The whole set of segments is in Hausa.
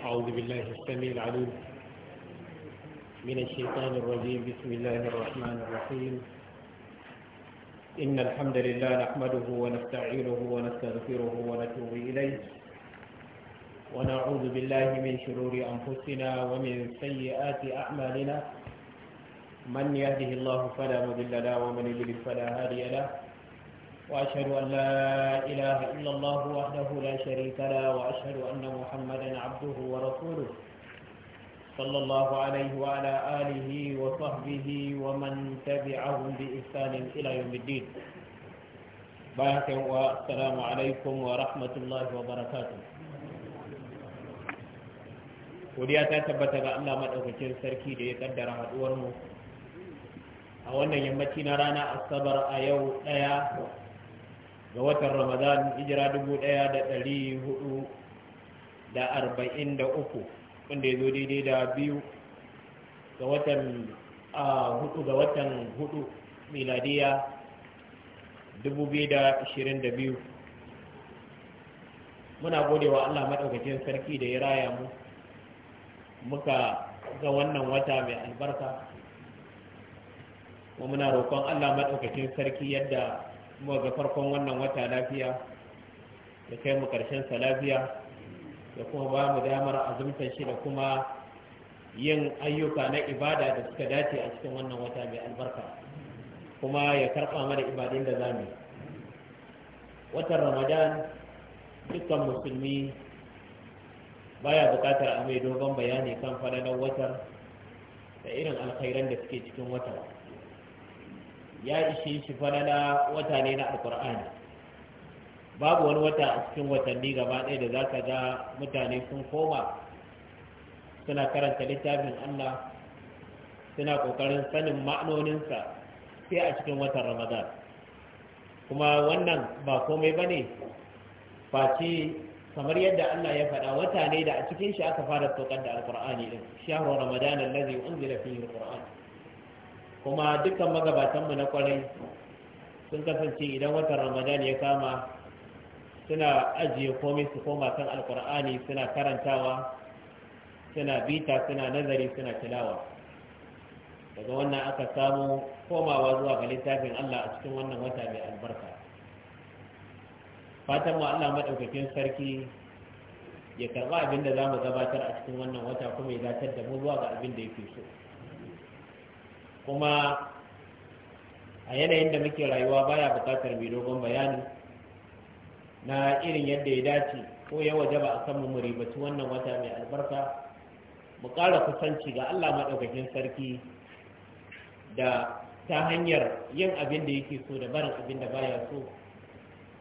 أعوذ بالله السميع العليم من الشيطان الرجيم بسم الله الرحمن الرحيم إن الحمد لله نحمده ونستعينه ونستغفره ونتوب إليه ونعوذ بالله من شرور أنفسنا ومن سيئات أعمالنا من يهده الله فلا مضل له ومن يضلل فلا هادي له وأشهد أن لا إله إلا الله وحده لا شريك لا وأشهد أن محمدا عبده ورسوله صلى الله عليه وعلى آله وصحبه ومن تبعهم بإحسان إلى يوم الدين بارك والسلام عليكم ورحمة الله وبركاته ودي أتثبت tabbata ga Allah madaukakin sarki da ya kaddara haduwar mu a wannan yammaci na rana asabar ga watan ramadan hijira dubu ɗaya da ɗari huɗu da arba'in da uku wanda ya zo daidai da biyu ga watan hudu ga watan hudu miladiya dubu biyu da ashirin da biyu muna godewa allah maɗaukacin sarki da ya raya mu muka ga wannan wata mai albarka kuma muna roƙon allah maɗaukacin sarki yadda kuma ga farkon wannan wata lafiya da kai mu karshen sa lafiya da kuma ba mu damar azumtar shi da kuma yin ayyuka na ibada da suka dace a cikin wannan wata mai albarka kuma ya karɓa mana ibadun da zamu watan ramadan dukkan musulmi baya bukatar a mai dogon bayani kan fadalar watar da irin alkhairan da suke cikin watar ya ishe shi na wata ne na alkur'ani babu wani wata a cikin watanni gaba ɗaya da za ka ga mutane sun koma suna karanta littafin allah suna ƙoƙarin sanin ma'anoninsa sai a cikin watan ramadan kuma wannan ba komai ba ne face kamar yadda allah ya faɗa wata ne da a cikin shi aka fara saukar da alkur'ani ɗin shahar ramadan allazi unzila fihi alkur'ani kuma dukkan magabatanmu na kwarai sun kasance idan watan ramadan ya kama suna ajiye komai su koma kan alkur'ani suna karantawa suna bita suna nazari suna tilawa daga wannan aka samu komawa zuwa ga littafin allah a cikin wannan wata mai albarka fatan mu allah maɗaukakin sarki ya karɓa abin da za mu gabatar a cikin wannan wata kuma ya zatar da mu zuwa ga abin da yake so kuma a yanayin da muke rayuwa baya bukatar mai dogon bayani na irin yadda ya dace ko ya waje ba a san mu ribaci wannan wata mai albarka mu ƙara kusanci ga Allah maɗaukakin sarki da ta hanyar yin abin da yake so da barin abin da baya so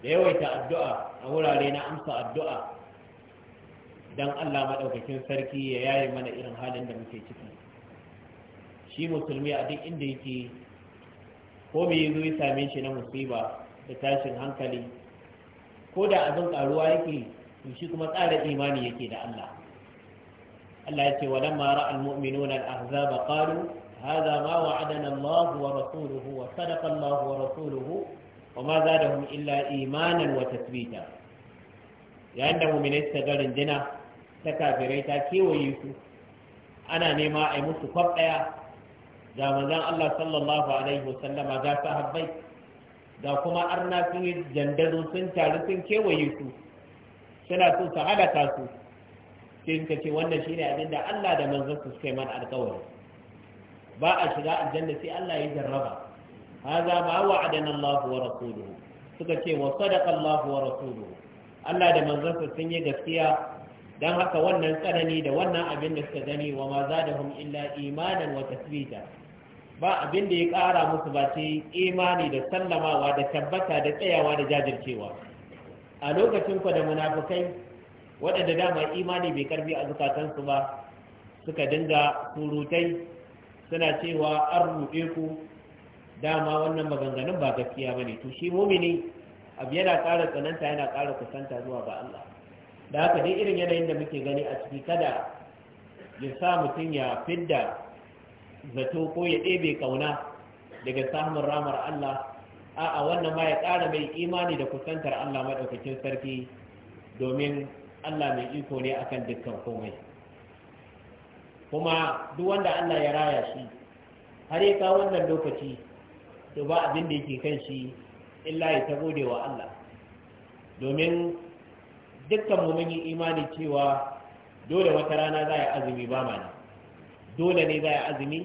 da yawaita addu'a a wurare na amsa addu'a don Allah maɗaukakin sarki ya yaye mana irin halin da muke ciki shi musulmi a duk inda yake ko me yazo ya same shi na musiba da tashin hankali ko da abin karuwa yake to shi kuma tsara imani yake da Allah Allah ya ce wa lamma ra'a al-mu'minuna a ahzaba qalu hadha ma wa'adana Allah wa rasuluhu wa sadaqa Allah wa rasuluhu wa ma illa imanan wa tathbita yayin da mu'minai suka ga rundunar ta kafirai ta kewaye su ana nema a musu kwaf ɗaya. ga manzon Allah sallallahu alaihi wasallama ga sahabbai ga kuma arna sun yi jandazo sun taru sun kewaye su suna so su halaka su sai suka ce wannan shine abin da Allah da manzon su suka yi mana alƙawari ba a shiga aljanna sai Allah ya jarraba hadha ma wa'adana Allah wa rasuluhu suka ce wa sadaqa Allah wa rasuluhu Allah da manzon sun yi gaskiya don haka wannan tsanani da wannan abin da suka gani wa ma za da hum illa imanan wa tasbita ba abin da ya ƙara musu ba sai imani da sallamawa da tabbata da tsayawa da jajircewa a lokacin ku da munafukai waɗanda dama imani bai karfi a zukatansu ba suka dinga surutai suna cewa an ruɗe ku dama wannan maganganun ba gaskiya bane to shi mumini abu yana ƙara tsananta yana ƙara kusanta zuwa ga Allah da haka dai irin yanayin da muke gani a ciki kada ya sa mutum ya fidda zato ko ya ɗebe kauna daga samun ramar Allah a'a wannan ma ya ƙara mai imani da kusantar Allah maɗaukacin sarki domin Allah mai iko ne akan dukkan komai kuma duk wanda Allah ya raya shi har ya kawo wannan lokaci to ba abin da yake kan shi illa ya ta gode wa Allah domin dukkan mu mun yi imani cewa dole wata rana za a yi azumi ba ma nan dole ne za a yi azumi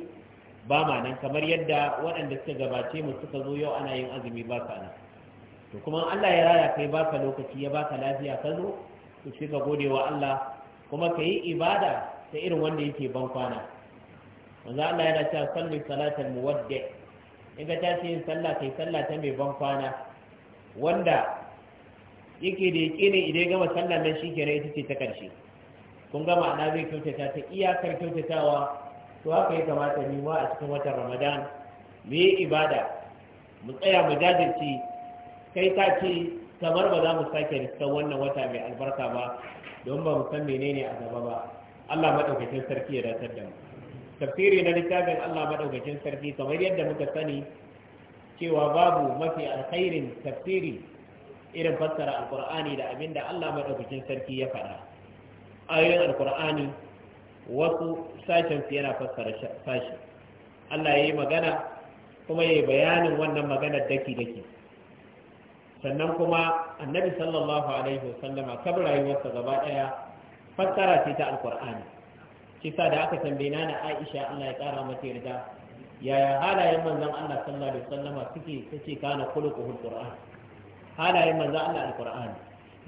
ba ma nan kamar yadda waɗanda suka gabace mu suka zo yau ana yin azumi ba ka nan to kuma Allah ya raya kai ba ka lokaci ya ba ka lafiya ka zo to sai ka gode wa Allah kuma ka yi ibada ta irin wanda yake ban kwana manzo Allah yana cewa sallu salatal muwaddi in ka tashi yin sallah kai sallah ta mai ban kwana wanda yake da yake ne idan gama sallar nan shi kenan ita ce ta ƙarshe kun gama ana zai kyautata ta iyakar kyautatawa to haka ya kamata mu ma a cikin watan ramadan mu yi ibada mu tsaya mu jajirce kai ta ce kamar ba za mu sake riskan wannan wata mai albarka ba don ba mu san menene a gaba ba Allah maɗaukacin sarki ya datar da mu tafsiri na littafin Allah maɗaukacin sarki kamar yadda muka sani cewa babu mafi alkhairin tafsiri irin fassara alkur'ani da abin da Allah maɗaukakin sarki ya faɗa ayoyin alkur'ani wasu sashen su yana fassara sashi Allah ya yi magana kuma ya yi bayanin wannan maganar daki daki sannan kuma annabi sallallahu alaihi wasallama kan rayuwarsa gaba ɗaya fassara ce ta alkur'ani kisa da aka tambaye na Aisha Allah ya ƙara mata yarda yaya halayen manzon Allah sallallahu alaihi wasallama suke tace kana khuluquhul qur'an halayen manzo Allah alqur'ani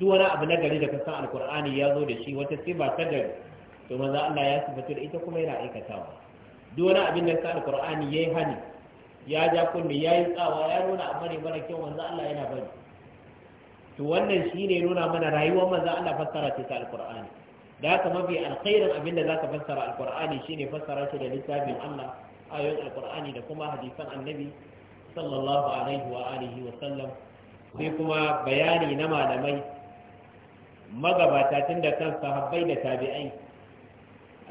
duk wani abu na gari da ka san alqur'ani ya zo da shi wata ba ta gari to manzo Allah ya sifatu da ita kuma yana aikatawa duk wani abin da ka alqur'ani yayi hani ya ja kunni yi tsawa ya nuna abu ne mana kyau manzo Allah yana bari to wannan shine nuna mana rayuwar manzo Allah fassara ta alqur'ani da haka mafi alkhairin abin da zaka fassara alqur'ani shine fassara shi da littafin Allah ayoyin alqur'ani da kuma hadisan annabi sallallahu alaihi wa alihi wa sallam sai kuma bayani na malamai magabata tun da kan sahabbai da tabi'ai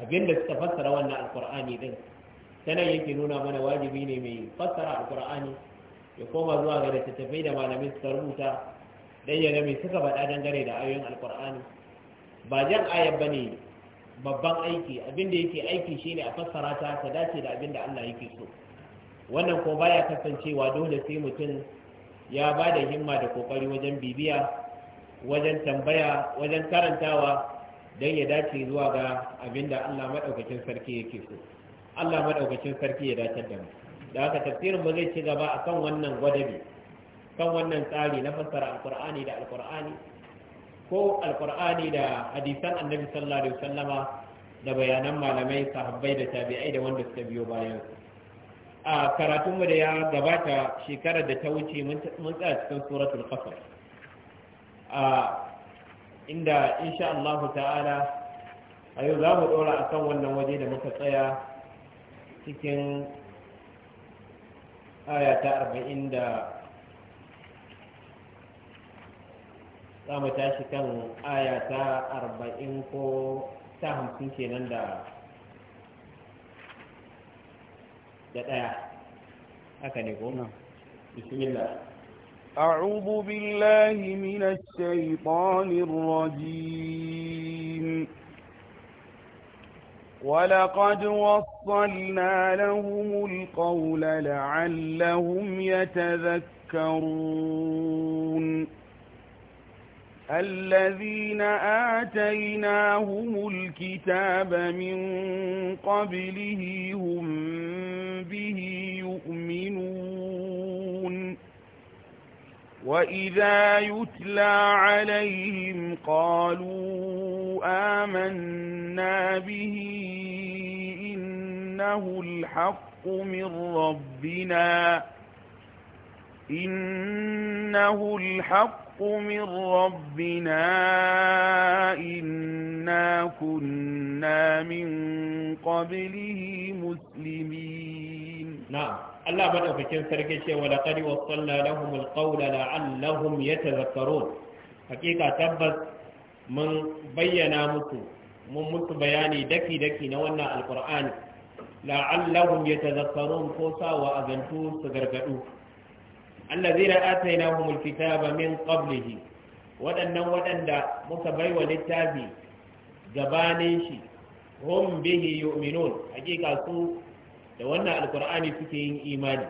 abinda suka fassara wannan alkur'ani din sanan yake nuna mana wajibi ne mai fassara alkur'ani ya koma zuwa ga littattafai da malamai suka rubuta dan ya mai suka faɗa dangane da ayoyin alkur'ani ba jan ayar ne babban aiki abinda yake aiki shine a fassara ta ta dace da abin da Allah yake so wannan ko baya kasancewa dole sai mutum ya ba da himma da kokari wajen bibiya wajen tambaya wajen karantawa don ya dace zuwa ga abin da Allah maɗaukacin sarki yake so Allah maɗaukacin sarki ya dace da mu da haka tafsirin ba zai ci gaba a kan wannan gwadabi kan wannan tsari na fassara alkur'ani da alkur'ani ko alkur'ani da hadisan annabi sallallahu alaihi wasallama da bayanan malamai sahabbai da tabi'ai da wanda suka biyo bayan su a karatunmu da ya gabata shekarar da ta wuce mun tsaya cikin suratul qasas a inda insha Allah ta'ala a yau za mu a kan wannan waje da muka tsaya cikin aya ta arba'in da za mu tashi kan aya ta arba'in ko ta hamsin kenan da بسم الله أعوذ بالله من الشيطان الرجيم ولقد وصلنا لهم القول لعلهم يتذكرون الذين آتيناهم الكتاب من قبله هم به يؤمنون وإذا يتلى عليهم قالوا آمنا به إنه الحق من ربنا إنه الحق الحق من ربنا إنا كنا من قبله مسلمين نعم الله بدأ في كن سرقشي ولقد وصلنا لهم القول لعلهم يتذكرون حقيقة تبت من بينا متو من متو بياني دكي دكي نونا القرآن لعلهم يتذكرون فوسا وأذنتو سقرقلوه allazina atainahumul kitaba min qablihi waɗannan waɗanda muka baiwa littafi gabanin shi hum bihi yu'minun hakika su da wannan alkur'ani suke yin imani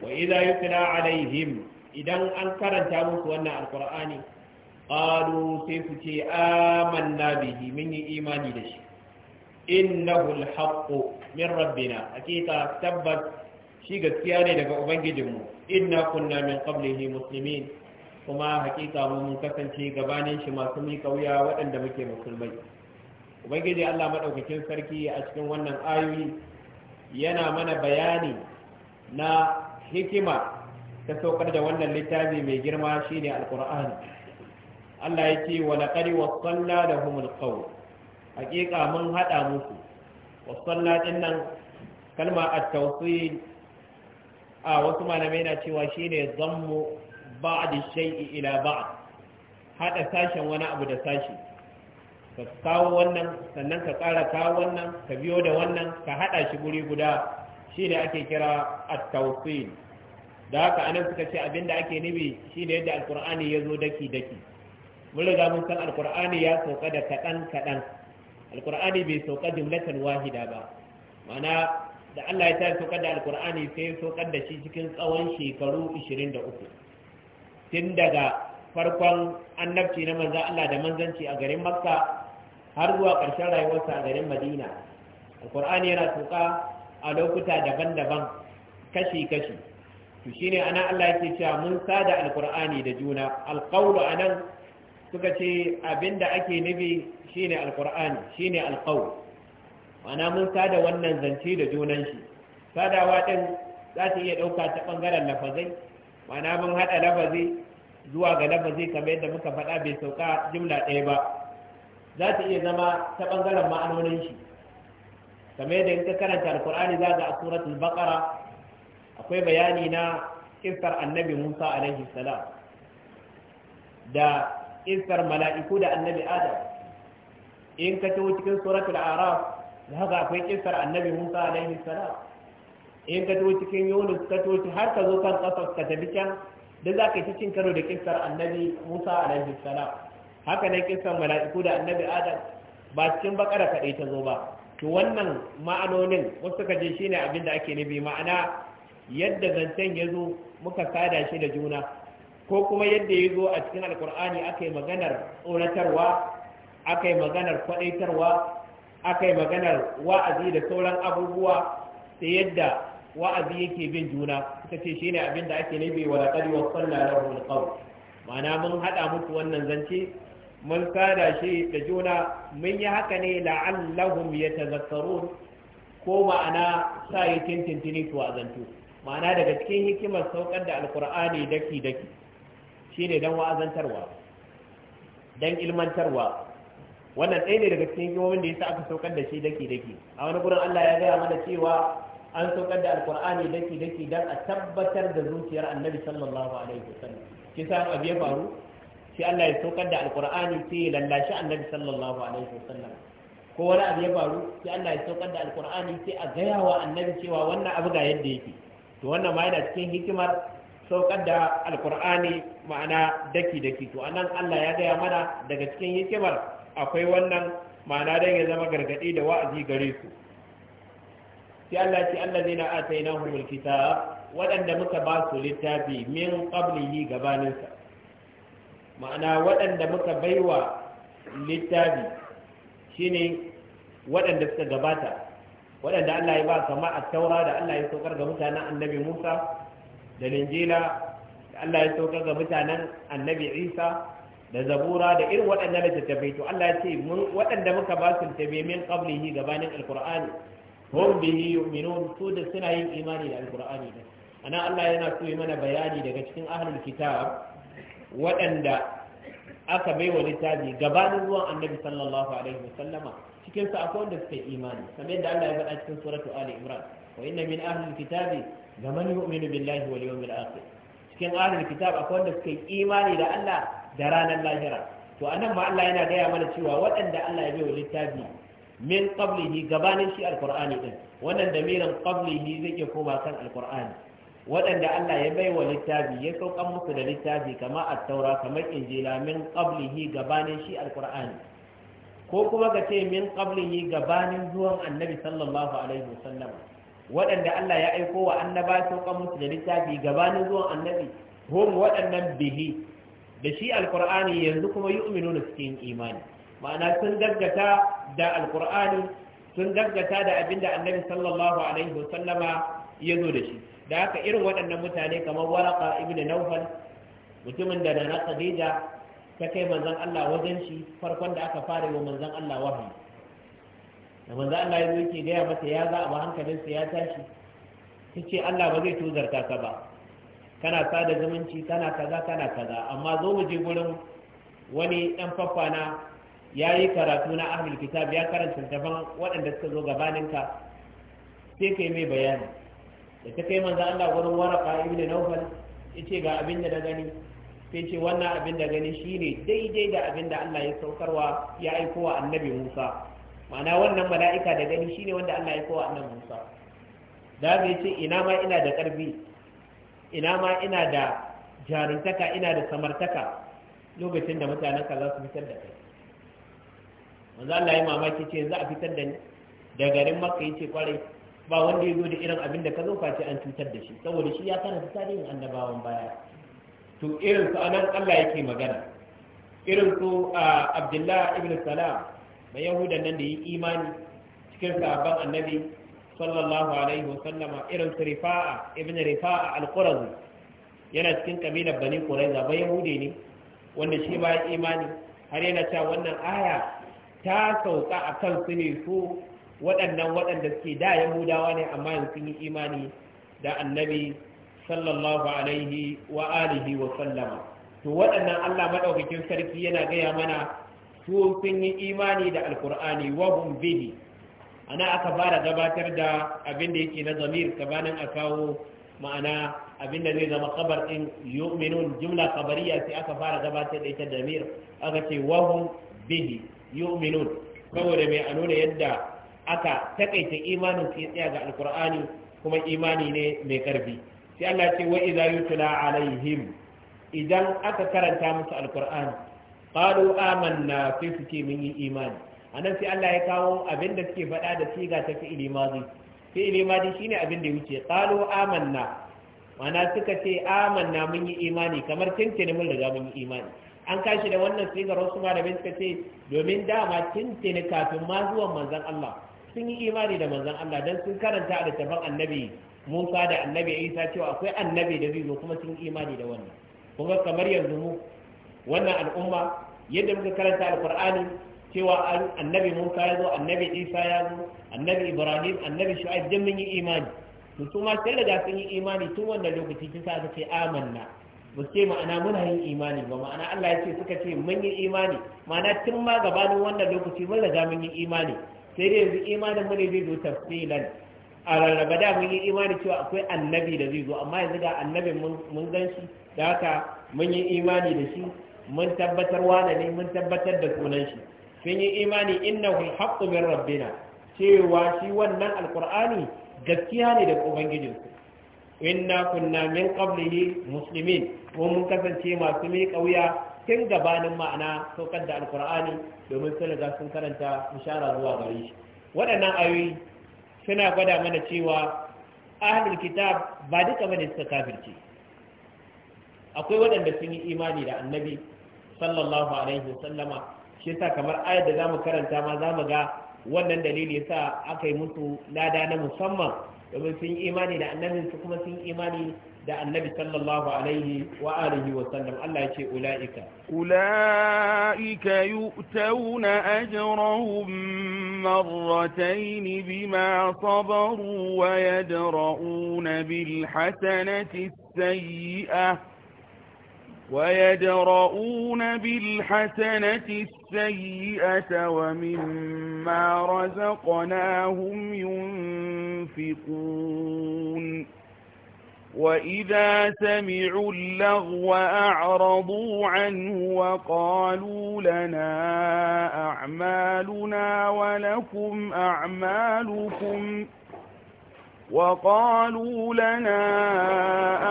wa idza yutla alaihim idan an karanta musu wannan alkur'ani qalu sai su ce amanna bihi mun yi imani da shi innahu alhaqqu min rabbina hakika tabbas shi gaskiya ne daga ubangijinmu inna kunna min qablihi muslimin kuma hakika mu mun kasance gabanin shi masu mika wuya waɗanda muke musulmai ubangiji Allah madaukakin sarki a cikin wannan ayoyi yana mana bayani na hikima ta saukar da wannan littafi mai girma shine alqur'ani Allah yake wa laqad wasalla lahum alqawl hakika mun hada musu wasalla dinnan kalma at-tawsil a wasu malamai na cewa shine zammu ba shay'i ila ba'd hada sashen wani abu da sashi ka kawo wannan sannan ka ƙara kawo wannan ka biyo da wannan ka haɗa shi guri guda shi ne ake kira at-tawsil da haka anan suka ce abinda ake nubi shine yadda alqur'ani ya zo daki daki mun riga mun san alqur'ani ya sauka da kadan kadan alqur'ani bai sauka jumlatan wahida ba ma'ana da Allah ya ta saukar da alkur'ani sai ya saukar da shi cikin tsawon shekaru 23 tun daga farkon annabci na manzan Allah da manzanci a garin makka har zuwa ƙarshen rayuwarsa a garin madina alkur'ani yana tuka a lokuta daban-daban kashi-kashi to shine ana Allah yake cewa mun sada alkur'ani da juna alqawlu anan suka ce abinda ake nufi shine alkur'ani shine alqawl ma'ana mun sada wannan zance da junan shi sadawa ɗin za ta iya ɗauka ta ɓangaren lafazai ma'ana mun haɗa lafazi zuwa ga lafazi kamar yadda muka faɗa bai sauka jimla ɗaya ba za ta iya zama ta ɓangaren ma'anonin shi kamar yadda in ka karanta alkur'ani za ga a suratul baqara akwai bayani na kisar annabi musa alaihi salam da kisar mala'iku da annabi adam in ka taho cikin suratul araf da haka akwai kisar annabi musa alaihi salam in ka to cikin yunus ka to har ka zo kan kasar ka tabi can da za ka yi cin karo da kisar annabi musa alaihi salam haka ne kisar mala'iku da annabi adam ba cikin bakara kadai ta zo ba to wannan ma'anonin wasu ka je shine abin da ake nufi ma'ana yadda zancen ya zo muka sada shi da juna ko kuma yadda ya zo a cikin alkur'ani aka yi maganar tsoratarwa aka yi maganar kwaɗaitarwa aka yi maganar wa'azi da sauran abubuwa sai yadda wa'azi yake bin juna suka ce shine abin da ake nabi wa laqad wasalna lahu alqawl ma'ana mun haɗa muku wannan zance mun sada shi da juna mun yi haka ne la'allahum yatazakkarun ko ma'ana sa yi tintintini to azantu ma'ana daga cikin hikimar saukar da alkur'ani daki daki shine dan wa'azantarwa dan ilmantarwa wannan ɗaya ne daga cikin hikimomin da yasa aka saukar da shi daki daki a wani gurin Allah ya gaya mana cewa an saukar da alkur'ani daki daki dan a tabbatar da zuciyar annabi sallallahu alaihi wasallam kisa abu ya faru shi Allah ya saukar da alkur'ani sai ya lallashi annabi sallallahu alaihi wasallam ko wani abu ya faru sai Allah ya saukar da alkur'ani sai a gaya wa annabi cewa wannan abu ga yadda yake to wannan ma yana cikin hikimar saukar da alkur'ani ma'ana daki daki to anan Allah ya gaya mana daga cikin hikimar akwai wannan ma'ana da ya zama gargadi da wa'azi gare su sai Allah ce allazina humul kitab waɗanda muka ba su littafi min qablihi sa ma'ana waɗanda muka baiwa littafi shine waɗanda suka gabata waɗanda Allah ya ba kama a taura da Allah ya saukar ga mutanen annabi Musa da linjila da Allah ya saukar ga mutanen annabi Isa da zabura da irin waɗannan littattafai to Allah ya ce mun waɗanda muka ba su littattafai min qablihi gabanin alqur'ani hum bihi yu'minun su da suna yin imani da alqur'ani ne ana Allah yana so mana bayani daga cikin ahlul kitab waɗanda aka bai wa littafi gabanin ruwan annabi sallallahu alaihi wasallama cikin su akwai wanda suka yi imani kamar yadda Allah ya faɗa cikin suratu ali imran wa inna min ahlul kitabi laman yu'minu billahi wal yawmil akhir cikin ahlul kitab akwai wanda suka yi imani da Allah da ranar lahira to anan ma Allah yana gaya mana cewa waɗanda Allah ya baiwa littafi min qablihi gabanin shi alqur'ani din wannan damirin qablihi zai ke koma kan alqur'ani waɗanda Allah ya baiwa littafi ya saukan musu da littafi kama at-taura kamar injila min qablihi gabanin shi alqur'ani ko kuma ka ce min qablihi gabanin zuwan annabi sallallahu alaihi wasallam waɗanda Allah ya aiko wa annaba saukan musu da littafi gabanin zuwan annabi hum waɗannan bihi da shi alkur'ani yanzu kuma da suke yin imani ma'ana sun gaggata da alkur'ani sun gaggata da abinda annabi sallallahu alaihi wasallama ya zo da shi da haka irin waɗannan mutane kamar waraka ibn nawfal mutumin da na khadija ta kai manzon Allah wajen shi farkon da aka fara wa manzon Allah wahayi da manzon Allah ya zo yake gaya masa ya za a ba hankalinsa ya tashi ce Allah ba zai tuzarta ka ba kana sada zumunci kana kaza kana kaza amma zo mu je gurin wani dan faffana ya yi karatu na ahlul kitab ya karanta daban waɗanda suka zo gabaninka sai kai mai bayani da ta kai manzo Allah gurin waraka ibnu nawfal yace ga abin da na gani sai ce wannan abin da gani shine daidai da abin da Allah ya saukarwa ya aiko wa annabi Musa ma'ana wannan mala'ika da gani shine wanda Allah ya aiko wa annabi Musa da ya ce ina ma ina da karbi ina ma ina da jaruntaka ina da samartaka lokacin da mutanen ka za su fitar da kai wanzu Allah ya mamaki ce za a fitar da ni da garin maka yi ce kwarai ba wanda ya zo da irin abin da ka zo face an cutar da shi saboda shi ya kana tarihin annabawan baya to irin su anan Allah yake magana irin su Abdullah ibn Salam mai yahudan nan da yi imani cikin sahabban annabi sallallahu alaihi wasallama irin su rifa'a ibn rifa'a al yana cikin kabilar bani quraiza ba yahudi ne wanda shi ba imani har yana cewa wannan aya ta sauka kan su ne su waɗannan waɗanda suke da yahudawa ne amma yanzu sun yi imani da annabi sallallahu alaihi wa alihi wa sallama to waɗannan Allah maɗaukakin sarki yana gaya mana su sun yi imani da alkur'ani wa hum bihi ana aka fara gabatar da abin da yake na zamir gabanin a kawo ma'ana abin da zai zama kabar din yu'minun jumla kabariya sai aka fara gabatar da ita zamir aka ce wahum bihi yu'minun saboda mai a nuna yadda aka takaita imanin su tsaya ga alkur'ani kuma imani ne mai karfi sai Allah ce wa idza yutla alaihim idan aka karanta musu alkur'ani qalu amanna sai suke mun yi imani anan sai Allah ya kawo abin da suke faɗa da siga ta fi'ili mazi fi'ili mazi shine abin da wuce qalu amanna mana suka ce amanna mun yi imani kamar tintini mun riga mun yi imani an kashi da wannan sigar wasu malamai suka ce domin dama tintini kafin ma zuwan manzon Allah sun yi imani da manzon Allah dan sun karanta a littafin annabi Musa da annabi Isa cewa akwai annabi da zai zo kuma sun yi imani da wannan kuma kamar yanzu mu wannan al'umma yadda muka karanta alqur'ani cewa annabi Musa ya zo annabi Isa ya zo annabi Ibrahim annabi Shu'aib dan mun yi imani to su ma sai daga sun yi imani tun wannan lokaci kisa aka amanna ba ce ma'ana muna yin imani ba ma'ana Allah ya ce suka ce mun yi imani ma'ana tun ma gabanin wannan lokaci mun riga mun yi imani sai dai yanzu imanin mu ne zai zo tafsilan a rarraba da mun yi imani cewa akwai annabi da zai zo amma yanzu ga annabi mun gan shi da haka mun yi imani da shi mun tabbatar wane ne mun tabbatar da sunan shi sun yi imani innahu haqqu min rabbina cewa shi wannan alqur'ani gaskiya ne daga ubangijinku inna kunna min qablihi muslimin ko mun kasance masu mai kauya tun gabanin ma'ana saukar da alqur'ani domin sun riga sun karanta bishara zuwa gare shi waɗannan ayoyi suna gwada mana cewa ahlul kitab ba duka bane suka kafirce akwai waɗanda sun yi imani da annabi sallallahu alaihi wasallama shi yasa kamar ayar da zamu karanta ma zamu ga wannan dalili yasa aka yi musu lada na musamman domin sun yi imani da annabi su kuma sun yi imani da annabi sallallahu alaihi wa alihi wa sallam Allah ya ce ulaika ulaika yu'tawna ajrahum marratayn bima sabaru wa yadra'una bil hasanati sayyi'ah ويدرؤون بالحسنة السيئة ومما رزقناهم ينفقون وإذا سمعوا اللغو أعرضوا عنه وقالوا لنا أعمالنا ولكم أعمالكم ۖ وقالوا لنا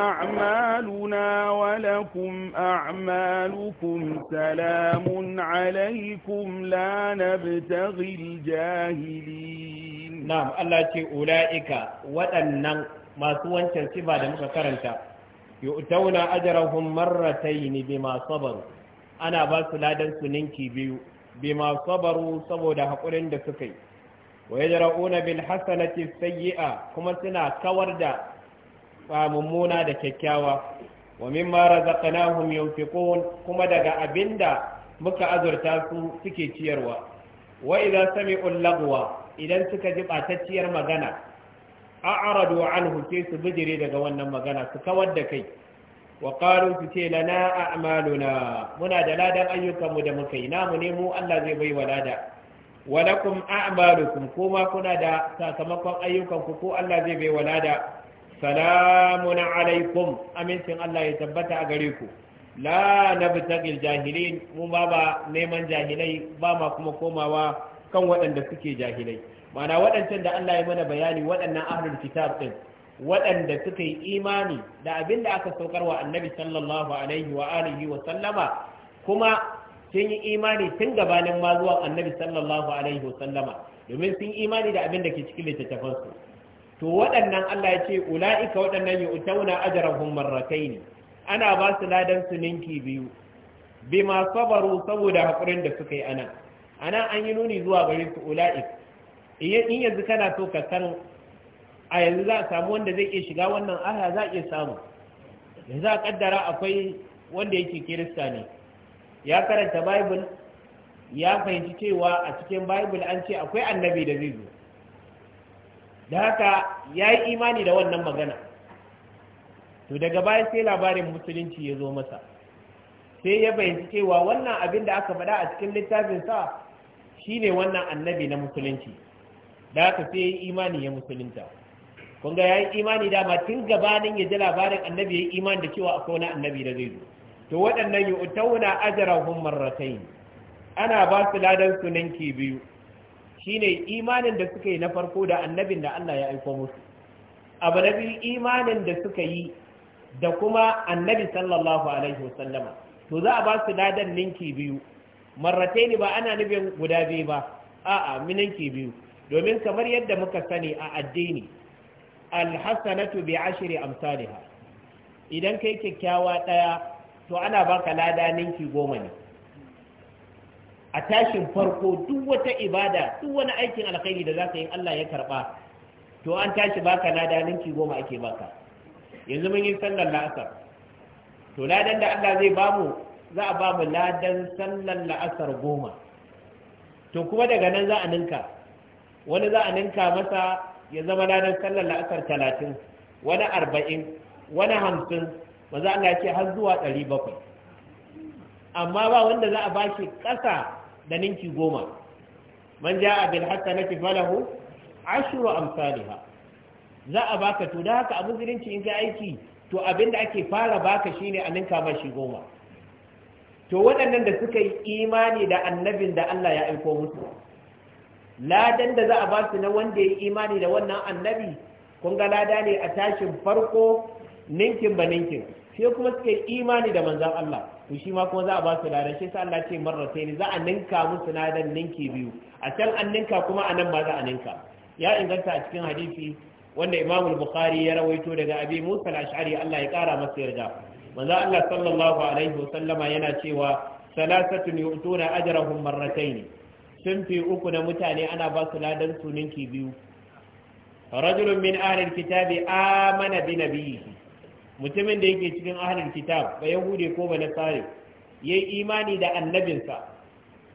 أعمالنا ولكم أعمالكم سلام عليكم لا نبتغي الجاهلين نعم الله يقول أولئك وأنن ما سوان تنسبها لمكا كرنتا يؤتون أجرهم مرتين بما صبروا أنا باس لا دنس ننكي بيو بما صبروا صبوا دا حقولين دا سكي wa yajra'una bil hasanati sayyi'a kuma suna kawar da mummuna da kyakkyawa wa mimma razaqnahum yunfiqun kuma daga abinda muka azurta su suke ciyarwa wa idza sami lagwa idan suka ji batacciyar magana a'radu an sai su bijire daga wannan magana su kawar da kai wa qalu su ce lana a'maluna muna da ladan ayyukanmu da muka yi namu ne mu Allah zai bai wa lada wa lakum a'malukum kuma kuna da sakamakon ayyukanku ko Allah zai bai wala da? salamun alaikum amincin Allah ya tabbata a gare ku la nabtagil jahilin mu ba neman jahilai ba kuma komawa kan waɗanda suke jahilai mana waɗancan da Allah ya mana bayani waɗannan ahlul kitab ɗin waɗanda suka yi imani da abinda aka saukar wa annabi sallallahu alaihi wa alihi wa sallama kuma sun yi imani tun gabanin ma zuwa annabi sallallahu alaihi wasallama domin sun yi imani da abin da ke cikin littattafansu to waɗannan Allah ya ce ula'ika waɗannan ya utauna ajrahum marratayn ana ba su ladan su ninki biyu bima sabaru saboda hakurin da suka yi anan ana an yi nuni zuwa gare su ula'ik in yanzu kana so ka san a yanzu za a samu wanda zai iya shiga wannan aya za a iya samu yanzu a kaddara akwai wanda yake kirista ne ya karanta bible ya fahimci cewa a cikin bible an ce akwai annabi da zai zo da haka ya yi imani da wannan magana to daga baya sai labarin musulunci ya zo masa sai ya fahimci cewa wannan abin da aka faɗa a cikin littafinsa shine wannan annabi na musulunci da haka sai ya yi imani ya musulunta kun ga ya yi imani dama tun gabanin ya ji labarin annabi ya yi imani da cewa akwai wani annabi da zai zo to waɗannan yu'tawna ajarahun marratayn ana ba su ladan su ninki biyu shine imanin da suka yi na farko da annabin da Allah ya aiko musu abu na biyu imanin da suka yi da kuma annabi sallallahu alaihi wasallama to za a ba su ladan ninki biyu marratayn ba ana nufin guda biyu ba a'a ninki biyu domin kamar yadda muka sani a addini bai bi ashri amsalha idan kai kyakkyawa daya to ana baka lada ninki goma ne a tashin farko duk wata ibada duk wani aikin alkhairi da zaka yi Allah ya karɓa, to an tashi baka lada ninki goma ake baka yanzu mun yi sallar la'asar to ladan da Allah zai bamu za a bamu ladan sallar la'asar goma to kuma daga nan za a ninka wani za a ninka masa ya zama ladan sallar la'asar talatin wani arba'in wani hamsin maza za a ce har zuwa ɗari bakwai amma ba wanda za a ba shi ƙasa da ninki goma man ja abin haka na falahu ashiru amsaliha za a baka to da haka a musulunci in ga aiki to abin da ake fara baka shine a ninka ba shi goma to waɗannan da suka yi imani da annabin da Allah ya aiko musu ladan da za a ba su na wanda ya yi imani da wannan annabi kun ga lada ne a tashin farko ninkin ba ninkin sai kuma suke yi imani da manzan Allah to shi ma kuma za a ba su ladan shi sa Allah ce marrata ne za a ninka musu ladan ninki biyu a can an ninka kuma a nan ba za a ninka ya inganta a cikin hadisi wanda Imam Bukhari ya rawaito daga Abi Musa al-Ash'ari Allah ya kara masa yarda manzan Allah sallallahu alaihi wasallama yana cewa salasatun yu'tuna ajrahum marratayn sun fi uku na mutane ana ba su ladan su ninki biyu rajulun min ahli kitabi amana bi nabiyhi mutumin da yake cikin ahlul kitab ba yahude ko ba nasari yayi imani da annabinsa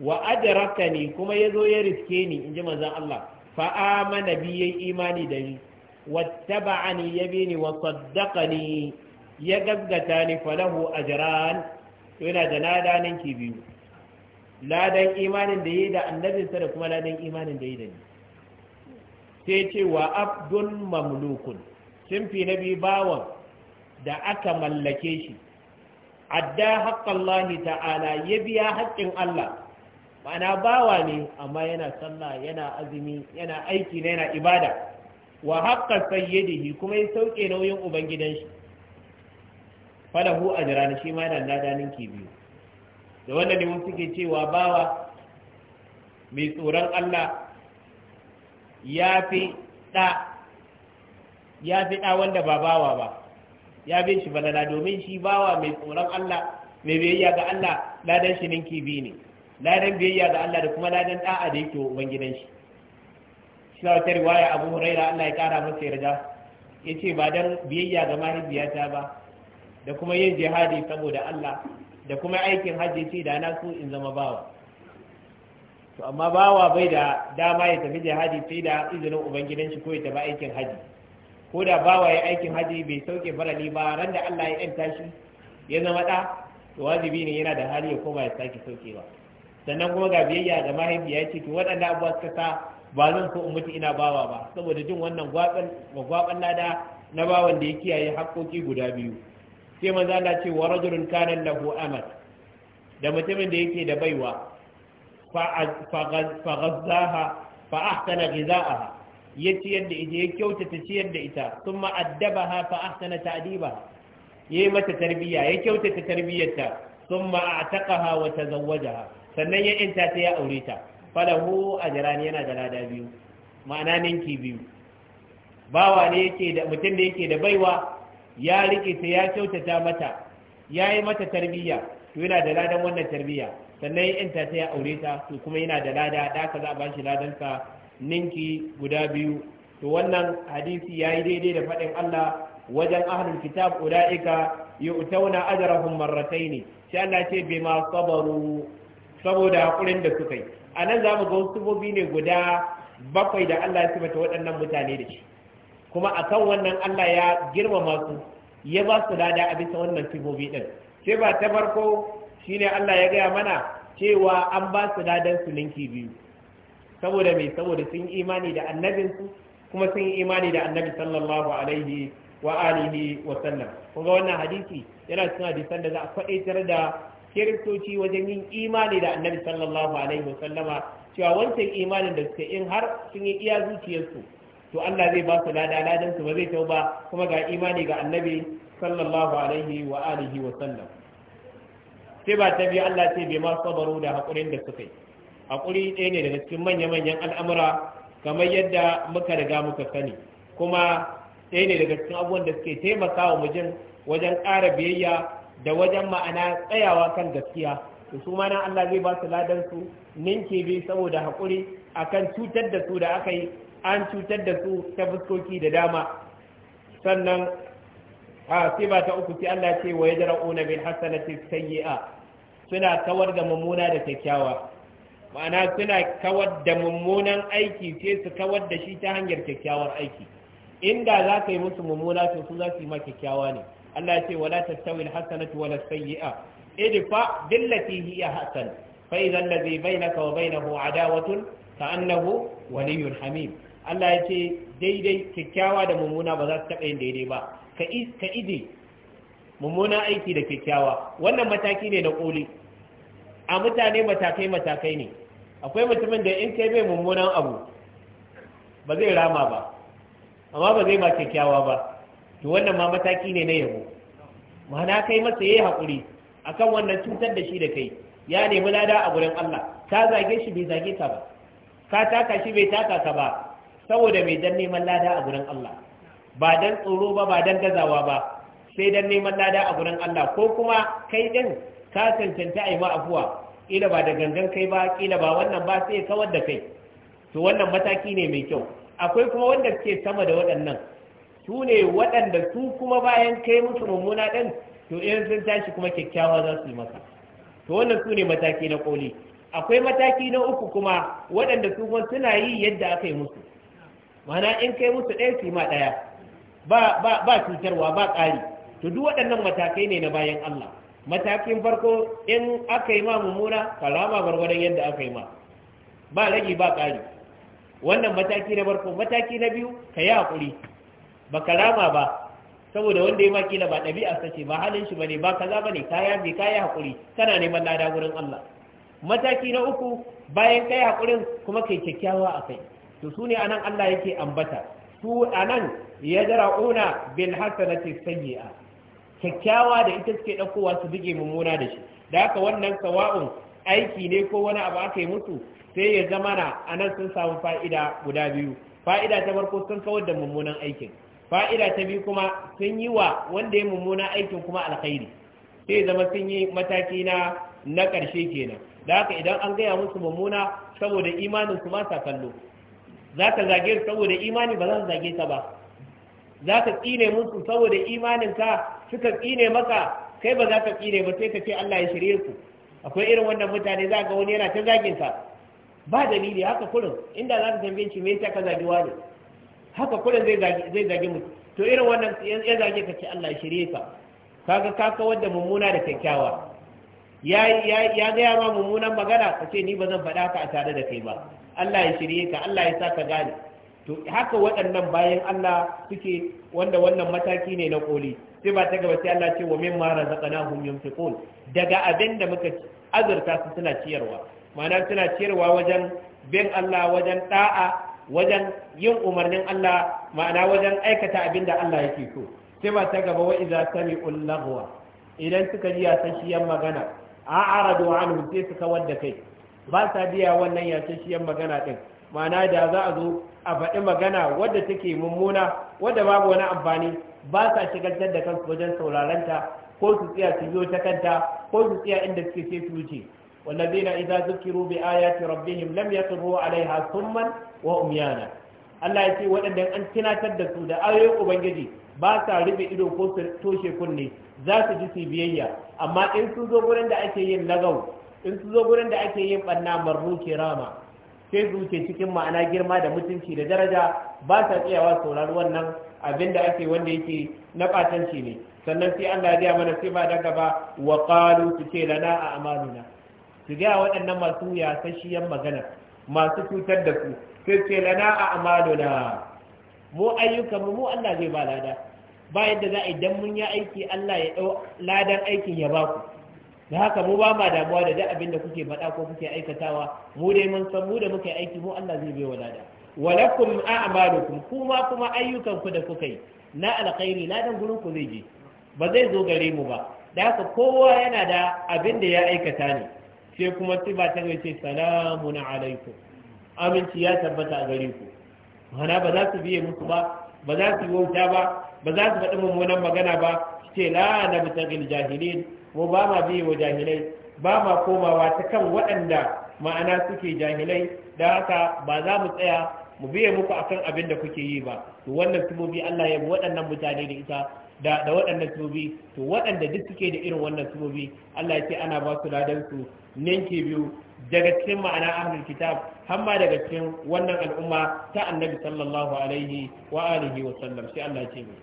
wa adrakani kuma yazo ya riske ni inji manzon Allah fa amana bi yayi imani da ni wattaba'ani yabini wa saddaqani ya gaggata ni falahu ajran to yana da nadanin ki biyu ladan imanin da yayi da annabinsa da kuma ladan imanin da yayi da ni sai ce wa abdun mamlukun simfi na biyu bawan da aka mallake shi adda haƙƙallahi ta'ala ya biya haƙƙin Allah ma'ana bawa ne amma yana sallah yana azumi yana aiki na yana ibada wa haƙƙa sayyidihi kuma ya sauke nauyin ubangidan shi falahu ajran shi ma yana da ki biyu da wannan ne mun suke cewa bawa mai tsoron Allah ya fi ɗa wanda ba bawa ba ya bin shi balala domin shi bawa mai tsoron Allah mai biyayya ga Allah ladan shi ninki bi ne ladan biyayya ga Allah da kuma ladan da'a da yake ubangidan shi shi na wata riwaya Abu Huraira Allah ya kara masa yarda yace ba dan biyayya ga mahaifiyata ba da kuma yin jihadi saboda Allah da kuma aikin haji ce da na so in zama bawa to amma bawa bai da dama ya tafi jihadi sai da izinin ubangidan shi ko ya tafi aikin hajji ko da bawa ya aikin haji bai sauke farali ba ran da Allah ya yanta shi ya zama da to wajibi ne yana da hali ya koma ya sake saukewa sannan kuma ga biyayya ga mahaifi ya ce ki waɗanda abuwa suka sa ba zan so in mutu ina bawa ba saboda jin wannan gwaban lada na bawan da ya kiyaye haƙƙoƙi guda biyu sai manzo Allah ce wa rajulun kana lahu amad da mutumin da yake da baiwa fa fa fa ahsana ghizaaha ya ciyar da ita ya kyautata ciyar da ita sun ma'addaba ha fa ahsana ta'diba yayi mata tarbiyya ya kyautata tarbiyyarta sun ha wa tazawwajaha sannan ya inta ta ya aure ta falahu ajran yana da lada biyu ma'ana ninki biyu bawa ne yake da mutum da yake da baiwa ya rike ta ya kyautata mata ya yi mata tarbiyya to yana da ladan wannan tarbiyya sannan ya inta ta ya aure ta to kuma yana da lada da ka za a bashi ladansa ninki guda biyu to wannan hadisi ya yi daidai da faɗin Allah wajen ahlul kitab ulaika yu'tawna ajrahum marrataini sai Allah ce bima sabaru saboda hakurin da suka yi anan zamu ga bobi ne guda bakwai da Allah ya sifata waɗannan mutane da shi kuma akan wannan Allah ya girmama su ya ba su lada a bisa wannan sifofi din sai ba ta farko shine Allah ya gaya mana cewa an ba su ladan su ninki biyu saboda mai saboda sun yi imani da annabinsu kuma sun yi imani da annabi sallallahu alaihi wa alihi wa sallam kuma wannan hadisi yana cikin hadisan da za a faɗaitar da kiristoci wajen yin imani da annabi sallallahu alaihi wa sallama cewa wancan imanin da suke in har sun yi iya zuciyarsu to Allah zai ba su lada ladan su ba zai tau ba kuma ga imani ga annabi sallallahu alaihi wa alihi wa sallam sai ba ta biyu Allah ce bai ma sabaru da haƙurin da suka yi haƙuri ɗaya ne daga cikin manya-manyan al'amura kamar yadda muka riga muka sani kuma ɗaya ne daga cikin abubuwan da suke taimaka wa mujin wajen ƙara biyayya da wajen ma'ana tsayawa kan gaskiya to su ma nan Allah zai ba su ladan su ninke bi saboda hakuri akan cutar da su da aka yi an cutar da su ta fuskoki da dama sannan a sai ba ta uku sai Allah ce wa yajra'una bil hasanati sayyi'a suna kawar da mummuna da kyakkyawa ma'ana suna kawar da mummunan aiki sai su kawar da shi ta hanyar kyakkyawar aiki inda za ka yi musu mummuna to su za su yi ma kyakkyawa ne Allah ya ce wala tastawi alhasanatu wala sayyi'a idfa billati hiya hasan fa idza allazi bainaka wa bainahu adawatun ka annahu waliyyun hamim Allah ya ce daidai kyakkyawa da mummuna ba za su taɓa yin daidai ba ka ka ide mummuna aiki da kyakkyawa wannan mataki ne na koli a mutane matakai matakai ne akwai mutumin da in kai bai mummunan abu ba zai rama ba amma ba zai ba kyakkyawa ba to wannan ma mataki ne na yabo ma'ana kai masa yayi hakuri akan wannan cutar da shi da kai ya nemi lada a gurin Allah ka zage shi bai zage ka ba ka taka shi bai taka ka ba saboda mai dan neman lada a gurin Allah ba dan tsoro ba ba dan gazawa ba sai dan neman lada a gurin Allah ko kuma kai din ka cancanta a yi ma afuwa kila ba da gangan kai ba kila ba wannan ba sai kawar da kai to wannan mataki ne mai kyau akwai kuma wanda suke sama da waɗannan su ne waɗanda su kuma bayan kai musu mummuna ɗin to in sun tashi kuma kyakkyawa za su yi maka to wannan su ne mataki na ƙoli akwai mataki na uku kuma waɗanda su kuma suna yi yadda aka yi musu mana in kai musu ɗaya su yi ma ɗaya ba cutarwa ba ƙari to duk waɗannan matakai ne na bayan Allah matakin farko in aka yi ma mummuna kalama gwargwadon yadda aka yi ma ba ragi ba ƙari wannan mataki na farko mataki na biyu ka yi haƙuri ba kalama ba saboda wanda ya makila ba ɗabi'a sace ba halin shi ba ne, ba kaza bane kaya bai kaya haƙuri kana neman lada wurin Allah mataki na uku bayan yi haƙurin kuma kai kyakkyawa a kai to su ne anan Allah yake ambata su anan ya jara'una bil hasanati sayyi'a kyakkyawa da ita suke ɗaukowa su buge mummuna da shi da haka wannan sawa'un aiki ne ko wani abu aka yi mutu sai ya zama na a nan sun samu fa'ida guda biyu fa'ida ta farko sun kawar da mummunan aikin fa'ida ta biyu kuma sun yi wa wanda ya mummunan aikin kuma alkhairi sai ya zama sun yi mataki na na ƙarshe kenan da haka idan an gaya musu mummuna saboda imanin su ma kallo za ka zage su saboda imani ba za su zage ka ba za ka tsine musu saboda imanin ka suka tsine maka kai ba za ka tsine ba sai ka ce Allah ya shirye ku akwai irin wannan mutane za ga wani yana ta zagin ka ba dalili haka kurin inda za ka tambaye shi me yasa ka zagi wani haka kurin zai zagi zai zagi mutum to irin wannan ya zage ka ce Allah ya shirye ka kaga ka kawar da mummuna da kyakkyawa ya ya gaya ma mummunan magana ka ce ni ba zan faɗa ka a tare da kai ba Allah ya shirye ka Allah ya sa ka gane to haka waɗannan bayan Allah suke wanda wannan mataki ne na koli sai ba ta gaba sai Allah ce wa min ma razaqana hum yunfiqun daga abin da muka azurta su suna ciyarwa ma'ana suna ciyarwa wajen bin Allah wajen da'a wajen yin umarnin Allah ma'ana wajen aikata abin da Allah yake so sai ba ta gaba wa idza sami'ul idan suka ji yasashiyan magana a'aradu anhu sai suka wadda kai ba sa biya wannan yasashiyan magana din ma'ana da za a zo a faɗi magana wadda take mummuna wadda babu wani amfani ba sa shigar da kansu wajen saurarenta ko su tsaya su biyo ta kanta ko su tsaya inda suke sai su wuce والذين إذا ذكروا بآيات ربهم لم يقروا عليها ثما وأميانا Allah ya ce waɗanda an tunatar da su da ayoyin Ubangiji ba sa rufe ido ko su toshe kunne za su ji su biyayya amma in sun zo gurin da ake yin lagau in sun zo gurin da ake yin ɓanna marru kirama sai wuce cikin ma'ana girma da mutunci da daraja ba sa tsayawa saurari wannan abin da ake wanda yake na batanci ne sannan sai Allah ya mana sai ba da gaba wa qalu su ce lana a amaluna su ga waɗannan masu yasashiyan magana masu cutar da su sai ce lana a amaluna mu ayyukan mu Allah zai ba lada ba yadda za a idan mun yi aiki Allah ya dau ladan aikin ya ba ku da haka mu ba ma damuwa da duk abin da kuke faɗa ko kuke aikatawa mu dai mun san mu da muke aiki mu Allah zai bai wadada walakum a'malukum kuma kuma ayyukan ku da kuka yi na alkhairi dan gurin ku zai je ba zai zo gare mu ba da haka kowa yana da abin da ya aikata ne sai kuma siba ta ce salamun alaikum aminci ya tabbata a gare ku mana ba za su biye musu ba ba za su yi wauta ba ba za su faɗi mummunan magana ba ce la na bitagil jahilin mu ba ma biye wa jahilai ba ma komawa ta kan waɗanda ma'ana suke jahilai da haka ba za mu tsaya mu biye muku akan abin da kuke yi ba to wannan subobi Allah ya waɗannan mutane da ita da da waɗannan subobi to waɗanda duk suke da irin wannan subobi Allah ya ce ana ba su ladan su ninki biyu daga cikin ma'ana ahlul kitab har ma daga cikin wannan al'umma ta annabi sallallahu alaihi wa alihi wa sallam sai Allah ya ce mu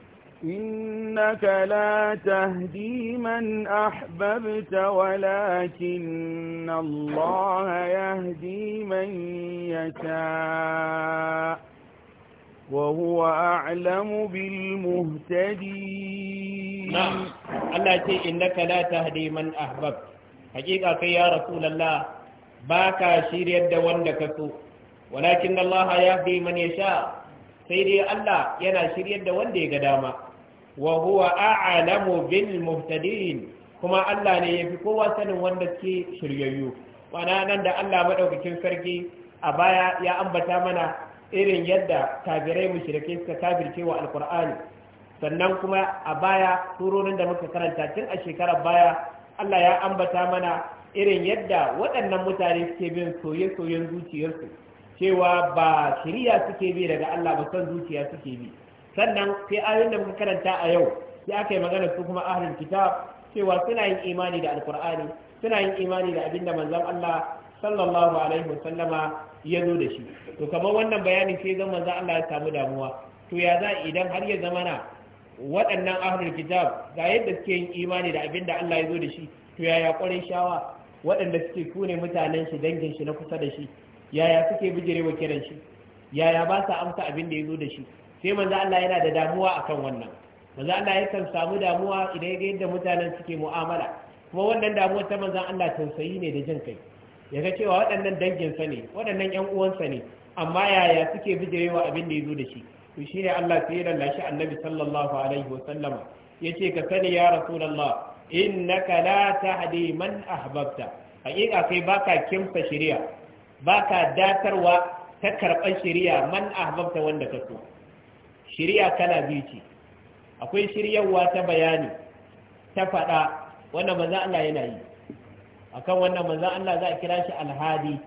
إنك لا تهدي من أحببت ولكن الله يهدي من يشاء وهو أعلم بالمهتدين نعم الله تي إنك لا تهدي من أحببت حقيقة يا رسول الله باكا شير يد وندك ولكن الله يهدي من يشاء سيدي الله ينا شير يد وندي قدامك wa huwa a'lamu bil muhtadin kuma Allah ne yafi kowa sanin wanda ke shiryayyu wana nan da Allah madaukakin sarki a baya ya ambata mana irin yadda kafirai mushrike suka kafirce wa alqur'ani sannan kuma a baya surorin da muka karanta tun a shekarar baya Allah ya ambata mana irin yadda waɗannan mutane suke bin soye-soyen zuciyarsu cewa ba shirya suke bi daga Allah ba son zuciya suke bi sannan sai ayoyin da muka karanta a yau sai aka yi magana su kuma ahlul kitab cewa suna yin imani da alqur'ani suna yin imani da abinda manzon Allah sallallahu alaihi wasallama ya zo da shi to kamar wannan bayani sai ga manzon Allah ya samu damuwa to ya za idan har ya zama na waɗannan ahlul kitab ga yadda suke yin imani da abinda Allah ya zo da shi to yaya ƙwarin shawa waɗanda suke kune mutanen shi dangin shi na kusa da shi yaya suke bijirewa kiran shi yaya ba sa amsa abin da ya zo da shi sai manzo Allah yana da damuwa akan wannan manzo Allah yakan samu damuwa idan ya yadda mutanen suke mu'amala kuma wannan damuwa ta manzo Allah tausayi ne da jin kai ya ga cewa waɗannan danginsa ne waɗannan ƴan uwansa ne amma yaya suke bijirewa abin da ya zo da shi to shine Allah sai ya lallashi Annabi sallallahu alaihi wa sallama yace ka sani ya rasulullah innaka la tahdi man ahbabta haƙiƙa kai baka kimsa shari'a baka datarwa ta karɓar shari'a man ahbabta wanda ka so Shirya kala biyu ce akwai shiryarwa ta bayani ta faɗa wannan manzan Allah yana yi akan wannan manzan Allah za a kira shi alhadi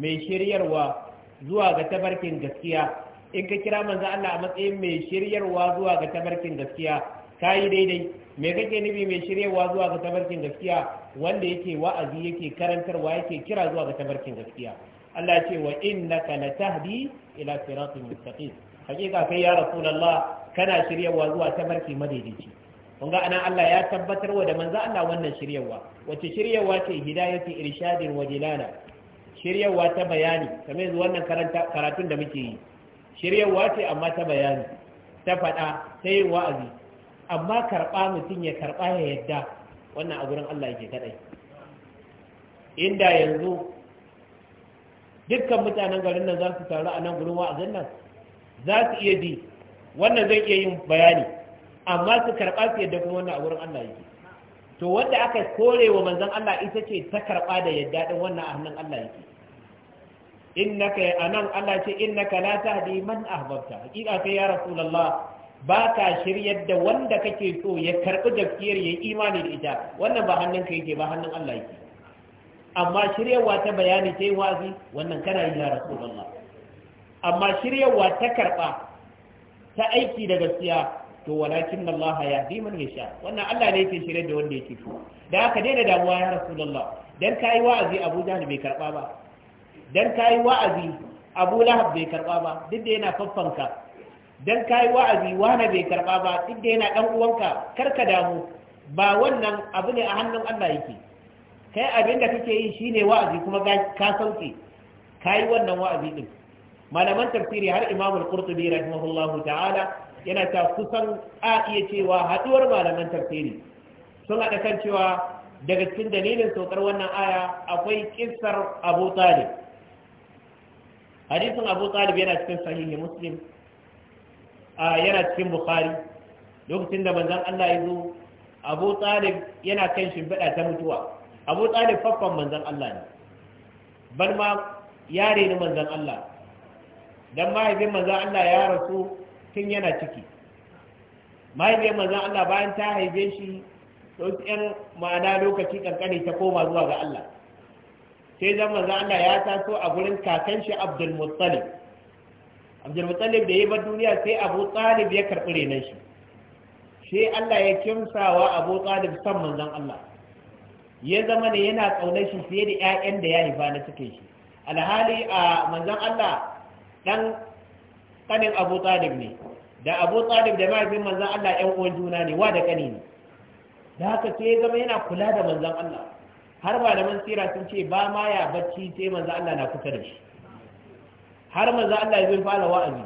mai shiryarwa zuwa ga tabarkin gaskiya in ka kira manzan Allah a matsayin mai shiryarwa zuwa ga tabarkin gaskiya ka yi daidai me kake nufi mai shiryarwa zuwa ga tabarkin gaskiya wanda yake wa'azi yake karantarwa yake kira zuwa ga tabarkin gaskiya Allah ya ce wa innaka latahdi ila siratin mustaqim hakika kai ya rasulullah kana shiryawa zuwa ta barki madaidaici kun ga anan Allah ya tabbatar wa da manzo Allah wannan shiryawa wace shiryawa ce hidayati irshadin wa dilala shiryawa ta bayani kamar yanzu wannan karatun da muke yi shiryawa ce amma ta bayani ta faɗa ta yin wa'azi amma karɓa mutum ya karɓa ya yadda wannan a gurin Allah yake kaɗai inda yanzu dukkan mutanen garin nan za su taru a nan gurin wa'azin nan za su iya bi wannan zai iya yin bayani amma su karɓa su yadda kuma wannan a wurin Allah yake to wanda aka kore wa manzon Allah ita ce ta karɓa da yadda din wannan a hannun Allah yake innaka anan Allah ce innaka la tahdi man ahbabta hakika kai ya rasulullah ba ka shiryar da wanda kake so ya karɓi gaskiyar ya imani da ita wannan ba hannun ka yake ba hannun Allah yake amma shiryarwa ta bayani ta yi wazi wannan kana yi ya rasulullah amma shiryawa ta karɓa ta aiki da gaskiya to walakin Allah ya bi man yasha wannan Allah ne yake shirye da wanda yake so da haka daina damuwa ya rasulullah dan kai wa'azi Abu Jahl bai karba ba dan kai wa'azi Abu Lahab bai karba ba duk da yana faffanka dan kai wa'azi wani bai karba ba duk da yana dan uwanka karka damu ba wannan abu ne a hannun Allah yake kai abin da kake yi shine wa'azi kuma ka sauke kai wannan wa'azi din malaman tafsiri har Imam Al-Qurtubi rahimahullahu ta'ala yana ta kusan a iya cewa haduwar malaman tafsiri sun haɗa kan cewa daga cikin dalilin saukar wannan aya akwai kissar Abu Talib hadisin Abu Talib yana cikin sahihi Muslim yana cikin Bukhari lokacin da manzon Allah ya zo Abu Talib yana kan shimfiɗa ta mutuwa Abu Talib faffan manzon Allah ne ma yare ni manzon Allah dan mahaifin manzan Allah ya rasu tun yana ciki Mahaifin manzan Allah bayan ta haife shi ɗauki ‘yan ma'ana lokaci ƙanƙani ta koma zuwa ga Allah sai zan manzan Allah ya taso a gurin kakan shi Abdulmuttalib Abdulmuttalib da ya bar duniya sai Abu Talib ya karɓi renan shi sai Allah ya kimsawa Abu Talib san manzon Allah ya zama ne yana ƙaunar shi fiye da ‘ya'yan da ya haifa na cikin shi alhali a manzon Allah dan kanin abu talib ne da abu talib da mahaifin manzan Allah ‘yan uwan juna ne wa da kani ne da haka sai ya zama yana kula da manzan Allah har ba da mansira sun ce ba ma ya bacci sai manzan Allah na kusa da shi har manzan Allah ya zai fara wa'azi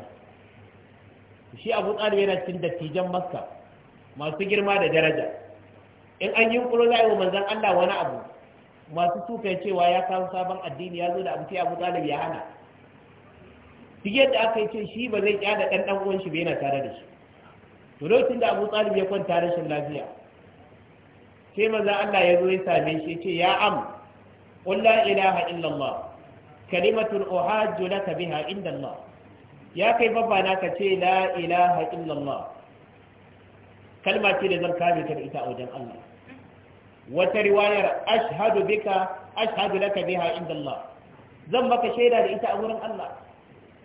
shi abu talib yana cikin dattijan makka masu girma da daraja in an yi kulo za a yi manzan Allah wani abu masu tuka cewa ya kawo sabon addini ya zo da abu sai abu talib ya hana duk yadda aka yi ce shi ba zai kyada ɗan ɗan uwan shi ba yana tare da shi to lokacin da Abu Talib ya kwanta rashin lafiya sai maza Allah ya zo ya same shi ya ce ya am qul la ilaha illallah kalimatun uhajju laka biha inda Allah ya kai babba na ka ce la ilaha illallah kalma ce da zan kame ka ita a wajen Allah wata riwayar ashhadu bika ashhadu laka biha inda Allah zan maka shaida da ita a wurin Allah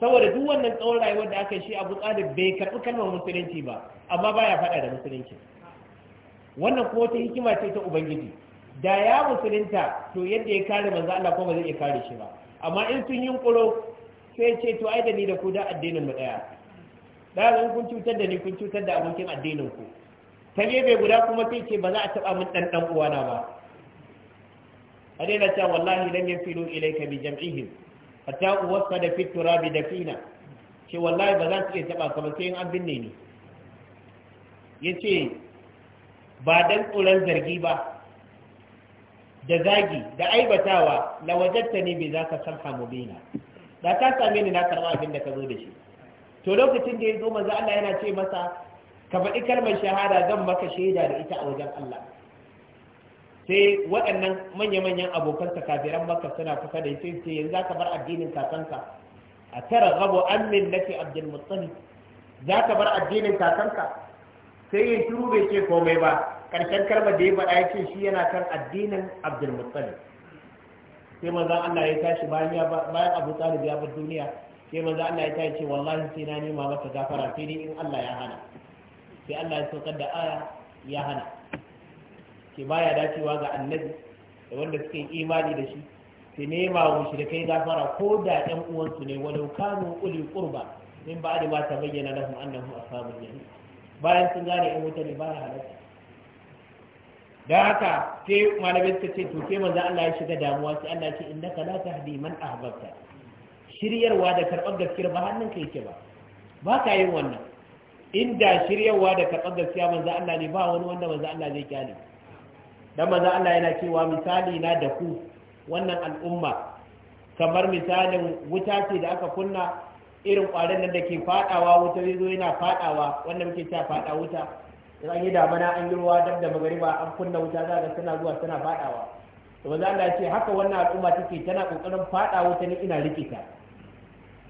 saboda duk wannan tsawon rayuwar da aka yi shi abu tsalib bai karɓi kalmar musulunci ba amma baya faɗa da musulunci wannan kuma wata hikima ce ta ubangiji da ya musulunta to yadda ya kare manzo Allah ba zai iya kare shi ba amma in sun yunkuro sai ce to ai da ni da ku da addinin mu daya da kun cutar da ni kun cutar da abokin addinin ku ta gefe guda kuma sai ce ba za a taba min ɗan ɗan uwana ba a daina cewa wallahi lam yafilu ilayka bi jam'ihim hatta uwarsa da fitura bi da fina ce wallahi ba za su iya taba ka ba sai an binne ni yace ba dan tsoron zargi ba da zagi da aibatawa la wajatta ne bai zaka ka mubina da ta same ni na karba abin da ka zo da shi to lokacin da ya zo manzo Allah yana ce masa ka faɗi kalmar shahada zan maka shaida da ita a wajen Allah sai waɗannan manya-manyan abokan kafiran makka suna kusa da sai sai yanzu ka bar addinin kakanka a tara gabo an nake abdul muttalib ka bar addinin kakanka sai yin shiru bai ce komai ba karshen kalmar da ya faɗa ya ce shi yana kan addinin abdul muttalib sai manzon Allah ya tashi bayan Abu Talib ya bar duniya sai manzon Allah ya tashi wallahi sai na nema maka gafara sai dai in Allah ya hana sai Allah ya saukar da aya ya hana ce baya dacewa ga annabi da wanda suke imani da shi su nema wa shi da kai gafara ko da ɗan uwansu ne walau kanu uli qurba min ba'di ma tabayyana lahum annahu ashabul jahim bayan sun gane ɗan wuta ne baya halatta da haka sai malamai suka ce to sai manzo Allah ya shiga damuwa sai Allah ya ce innaka la tahdi man ahbabta shiryarwa da karɓar gaskiyar ba hannun ka yake ba ba ka yin wannan inda shiryarwa da karɓar gaskiya manzo Allah ne ba wani wanda manzo Allah zai kyale dan maza Allah yana cewa misali na da ku wannan al'umma kamar misalin wuta ce da aka kunna irin ƙwarin nan da ke faɗawa wuta zai zo yana faɗawa wanda muke cewa faɗa wuta idan yi damana an yi ruwa dab da magariba an kunna wuta za ga suna zuwa suna faɗawa to maza Allah ce haka wannan al'umma take tana kokarin faɗa wuta ne ina rike ta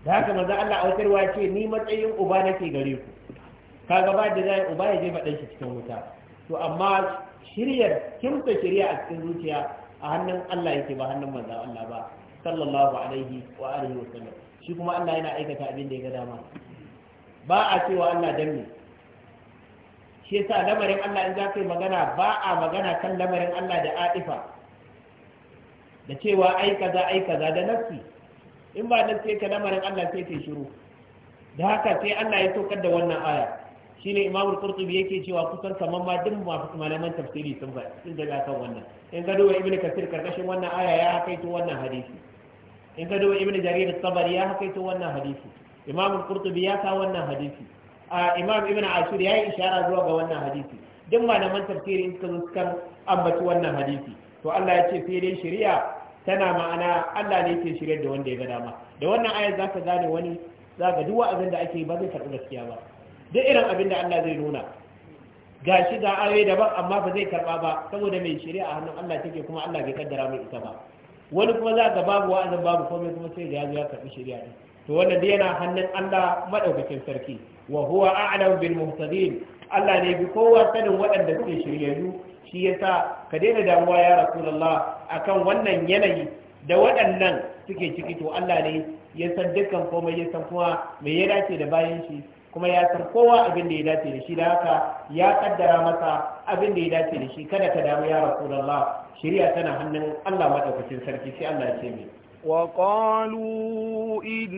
da haka maza Allah a wutar ruwa ce ni matsayin uba nake gare ku kaga ba da zai uba ya je faɗan shi cikin wuta to amma shiryar kimta shirya a cikin zuciya a hannun Allah yake ba hannun manzon Allah ba sallallahu alaihi wa alihi wa sallam shi kuma Allah yana aikata abin da ya ga dama ba a cewa Allah dan ne shi yasa lamarin Allah in za magana ba a magana kan lamarin Allah da atifa da cewa ai kaza ai kaza da nafsi in ba nan sai ka lamarin Allah sai ke shiru da haka sai Allah ya saukar da wannan aya shine imam al-qurtubi yake cewa kusan kaman ma duk masu malaman tafsiri sun ba sun daga kan wannan in ga duba ibnu kasir karkashin wannan aya ya hakaito wannan hadisi in ga duba ibnu jarir as-sabari ya hakaito wannan hadisi imam al-qurtubi ya ka wannan hadisi a imam ibnu ashur ya yi ishara zuwa ga wannan hadisi duk malaman tafsiri in suka suka ambaci wannan hadisi to Allah ya ce sai dai shari'a tana ma'ana Allah ne yake shiryar da wanda ya ga dama da wannan ayar zaka gane wani zaka duk wa'azin da ake ba zai karɓi gaskiya ba duk irin abin da Allah zai nuna ga shi ga ayoyi daban amma ba zai karba ba saboda mai shari'a hannun Allah take kuma Allah bai kaddara mai ita ba wani kuma za ga babu wa'azin babu komai kuma sai da ya ya karbi shari'a din to wannan dai yana hannun Allah madaukakin sarki wa huwa a'lamu bil muhtadin Allah ne bi kowa sanin waɗanda suke shiryayyu shi yasa ka daina damuwa ya rasulullah akan wannan yanayi da waɗannan suke ciki to Allah ne ya san dukkan komai ya san kuma me ya dace da bayan shi kuma ya san kowa abin da ya dace da shi da haka ya kaddara masa abin da ya dace da shi kada ka damu ya rasulullah shari'a tana hannun Allah madaukakin sarki sai Allah ya ce mai وقالوا إن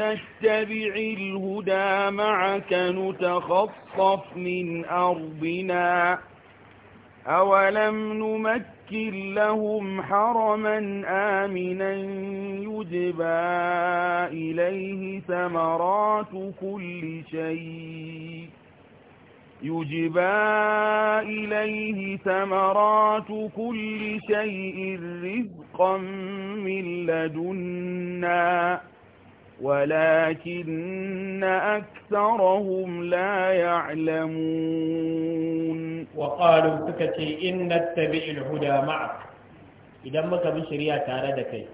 نتبع الهدى معك نتخطف من أرضنا أولم نمت نمكن لهم حرما آمنا يجبى إليه ثمرات كل شيء يجبى إليه ثمرات كل شيء رزقا من لدنا ولكن أكثرهم لا يعلمون وقالوا سكتي إن نتبع الهدى معك إذا ما كان شريعة تاردك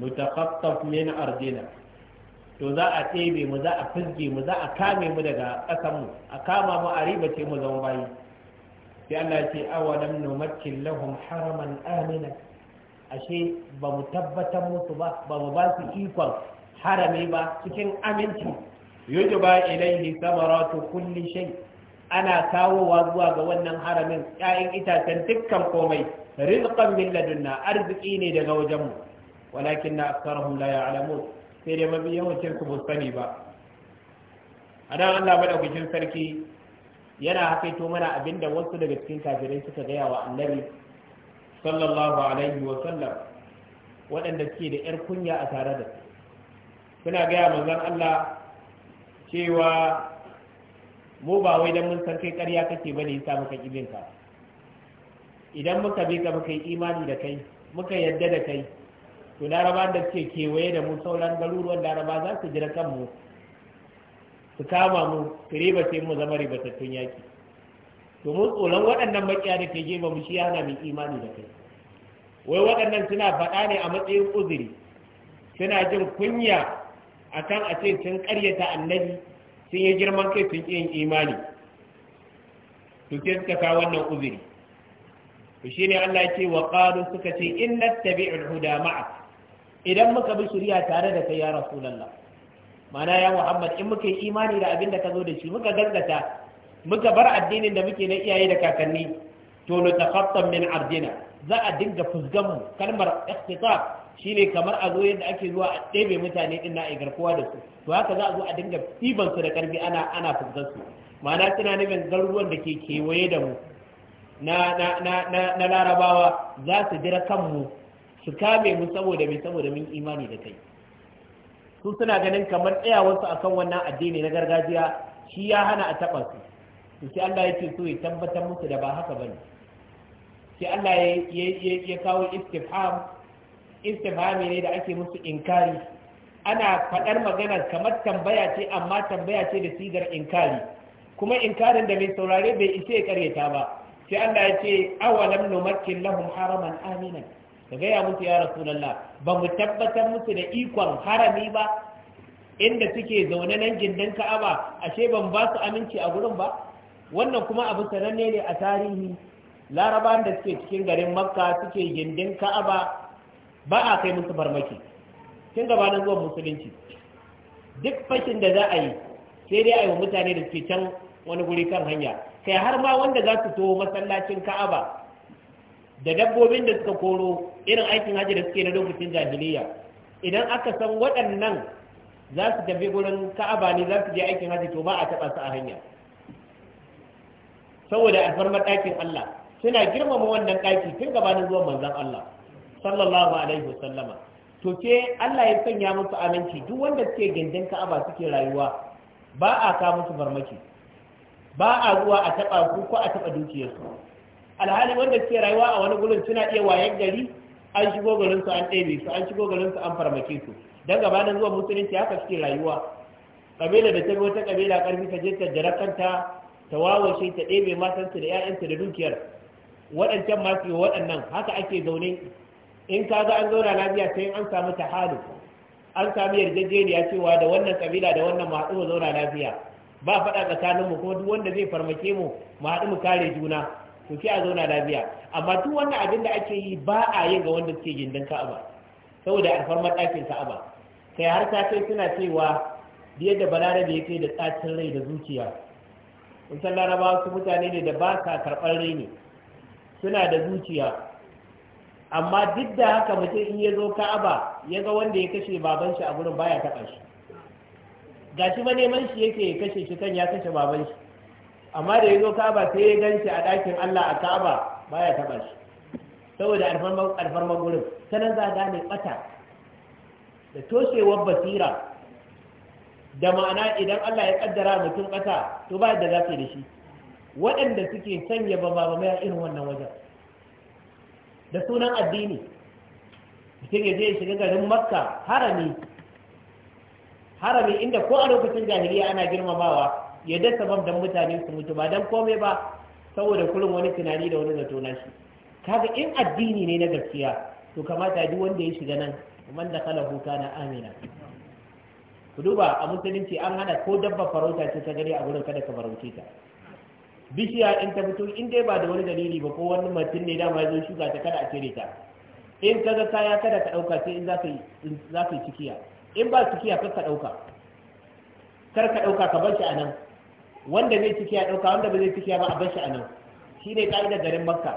نتخطف من أرضنا to za a tsebe mu za a fizge mu za a kame mu daga ƙasanmu a kama mu a ribace mu zama bayi sai Allah ce haraman amina ashe ba mu tabbatar musu ba ba mu ikon harami ba cikin aminci yujba ilaihi samaratu kulli shay ana kawowa zuwa ga wannan haramin 'ya'yan itacen dukkan komai rizqan min ladunna arziki ne daga wajenmu walakin na aktharuhum la ya'lamun sai dai mabi yawancin su ba sani ba adan Allah madaukakin sarki yana hakaito mana abinda wasu daga cikin kafirai suka gaya wa annabi sallallahu alaihi wa sallam waɗanda suke da yar kunya a tare da su suna gaya manzan Allah cewa mu ba wai don mun san kai ƙarya kake bane yasa muka kibin ka idan muka bi ka muka yi imani da kai muka yadda da kai to laraba da suke kewaye da mu sauran garuruwan laraba za su jira kanmu su kama mu su ce mu zama ribatattun yaki to mu tsoron waɗannan makiya da ke gefe mu shi yana mai imani da kai wai waɗannan suna faɗa ne a matsayin uzuri suna jin kunya akan a ce sun karyata annabi sun yi girman kai sun yin imani to ke suka kawo wannan uzuri to shine Allah ya ce wa qalu suka ce inna tabi'ul huda ma'a idan muka bi shari'a tare da kai ya rasulullah mana ya Muhammad in muka yi imani da abin da ka zo da shi muka gaskata muka bar addinin da muke na iyaye da kakanni to nutakhattam min ardina za a dinga fusgamu kalmar shi shine kamar a zo yadda ake zuwa a ɗebe mutane din na a garkuwa da su to haka za a zo a dinga ɗiban da ƙarfi ana ana fusgar su ma'ana suna nufin garuruwan da ke kewaye da mu na larabawa za su jira kanmu su kame mu saboda mai saboda mun imani da kai su suna ganin kamar tsayawarsu akan wannan addini na gargajiya shi ya hana a taɓa su to sai Allah ya ce so ya tabbatar musu da ba haka bane sai Allah ya kawo istifham istifhami ne da ake musu inkari ana faɗar magana kamar tambaya ce amma tambaya ce da sigar inkari kuma inkarin da mai saurare bai isa ya karyata ba sai Allah ya ce awalam numakkin lahum haraman aminan ka gaya musu ya rasulullah ba mu tabbatar musu da ikon harami ba inda suke zaune nan gindin ka'aba ashe ban ba su aminci a gurin ba wannan kuma abu sananne ne a tarihi laraban da suke cikin garin makka suke gindin ka'aba ba a kai musu farmaki gaba gabanin zuwa musulunci duk fashin da za a yi sai dai a yi wa mutane da suke can wani guri kan hanya kai har ma wanda za su to masallacin ka'aba da dabbobin da suka koro irin aikin hajji da suke na lokacin jahiliya idan aka san waɗannan za su tafi gurin ka'aba ne za su je aikin hajji to ba a taɓa su a hanya saboda farmar ɗakin Allah suna girmama wannan ɗaki tun gabanin zuwan manzon Allah sallallahu alaihi wasallama to ke Allah ya sanya musu aminci duk wanda suke gindin Ka'aba suke rayuwa ba a ka musu farmaki ba a zuwa a taɓa ku ko a taɓa dukiyarsu alhali wanda suke rayuwa a wani gurin suna iya wayan gari an shigo garin an ɗebe su an shigo garin an farmake su dan gabanin zuwan musulunci haka suke rayuwa kabila da ta bi wata kabila karfi ta je ta jarakanta ta wawashe ta ɗebe matansu da 'ya'yansu da dukiyar waɗancan masu yi waɗannan haka ake zaune in ka ga an zauna lafiya sai an samu tahalu an samu yarjejeniya cewa da wannan kabila da wannan mu mu zauna lafiya ba faɗa tsakanin mu kuma duk wanda zai farmake mu mu haɗu mu kare juna to sai a zauna lafiya amma duk wannan abin da ake yi ba a yin ga wanda suke gindin ka'aba saboda alfarmar ɗakin ka'aba kai har ta kai suna cewa da balarabe ya kai da tsacin rai da zuciya in larabawa su mutane ne da ba sa karɓar rai ne suna da zuciya amma duk da haka mutum in ya zo ka'aba ya ga wanda ya kashe baban shi a gurin baya taɓa shi gashi ma neman shi yake ya kashe shi kan ya kashe baban shi amma da ya zo ka'aba sai ya gan shi a ɗakin Allah a ka'aba baya taɓa shi saboda alfarman gurin sanan za gane ɓata da toshewar basira da ma'ana idan Allah ya kaddara mutum ɓata to ba da za da shi waɗanda suke sanya ba ba mai irin wannan wajen da sunan addini mutum ya je shiga garin makka harami harami inda ko a lokacin jahiliya ana girmamawa ya dasa bam don mutane su mutu ba don komai ba saboda kurin wani tunani da wani zato na shi kaga in addini ne na gaskiya to kamata duk wanda ya shiga nan man da kala huta na amina ku duba a musulunci an hana ko dabba farauta ce ta gari a wurin kada ka farauce ta bishiya in ta fito in dai ba da wani dalili ba ko wani mutum ne dama ya zo shuka ta kada a cire ta in ka ga kaya kada ka ɗauka sai in za ka yi cikiya in ba cikiya kar ka ɗauka kar ka ɗauka ka bar shi anan. wanda zai cikiya ɗauka wanda ba zai cikiya ba a bar shi anan. shi ne ƙa'idar garin makka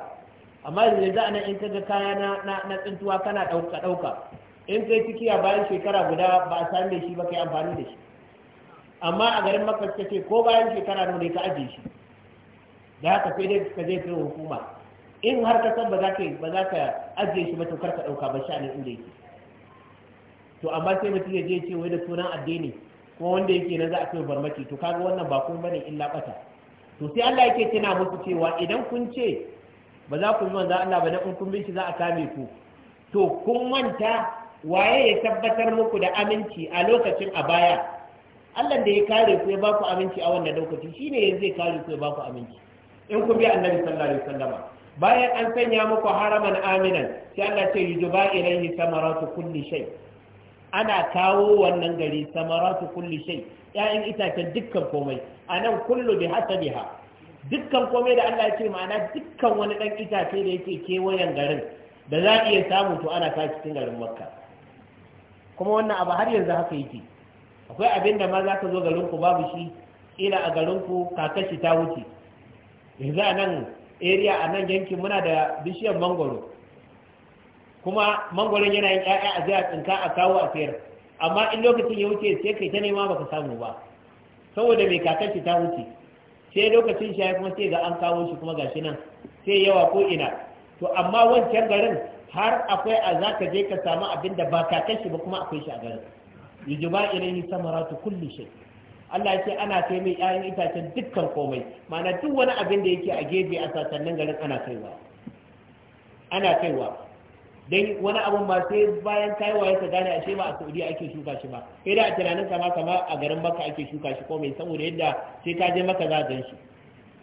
amma yanzu a nan in ka ga kaya na tsintuwa kana dauka ɗauka in kai cikiya bayan shekara guda ba a da shi ba kai amfani da shi amma a garin makka suka ce ko bayan shekara nawa ne ka ajiye shi da haka sai dai ka je kai hukuma in har ka san ba za ka ajiye shi ba to kar ka dauka ba sha'anin inda yake to amma sai mutum ya je ce wai da sunan addini kuma wanda yake na za a kai barmaci to kaga wannan ba kun bane illa bata to sai Allah yake tana musu cewa idan kun ce ba za ku yi manzo Allah ba na in kun shi za a kame ku to kun manta waye ya tabbatar muku da aminci a lokacin a baya Allah da ya kare ku ya ba ku aminci a wannan lokaci shine yanzu zai kare ku ya ba ku aminci in ku bi annabi sallallahu alaihi wasallam bayan an sanya muku haraman aminan sai Allah ce yujba ilaihi samaratu kulli shay ana kawo wannan gari samaratu kulli shay ya'in itacen dukkan komai anan kullu bi hasabiha dukkan komai da Allah ya ce ma'ana dukkan wani dan itace da yake kewayen garin da za a iya samu to ana kawo cikin garin makka kuma wannan abu har yanzu haka yake akwai abinda da ma za ka zo garinku babu shi ila a garinku kakashi ta wuce yanzu a nan area a nan yankin muna da bishiyar mangoro kuma mangoron yana yin ƴaƴa a jiya tsinka a kawo a sayar amma in lokacin ya wuce sai kai ta nema baka samu ba saboda mai kakar ta wuce sai lokacin shi kuma sai ga an kawo shi kuma gashi nan sai yawa ko ina to amma wancan garin har akwai a za ka je ka samu abin da ba kakar ba kuma akwai shi a garin yujba ilayhi samaratu kulli shay' Allah ya ce ana kai mai ƴaƴan itacen dukkan komai ma'ana duk wani abin da yake a gefe a sasannin garin ana kaiwa ana kaiwa dan wani abun ba sai bayan kaiwa ya ta gane ashe ba a Saudiya ake shuka shi ba kai da a tunanin kama kama a garin Makka ake shuka shi komai saboda yadda sai ka je Makka za gan shi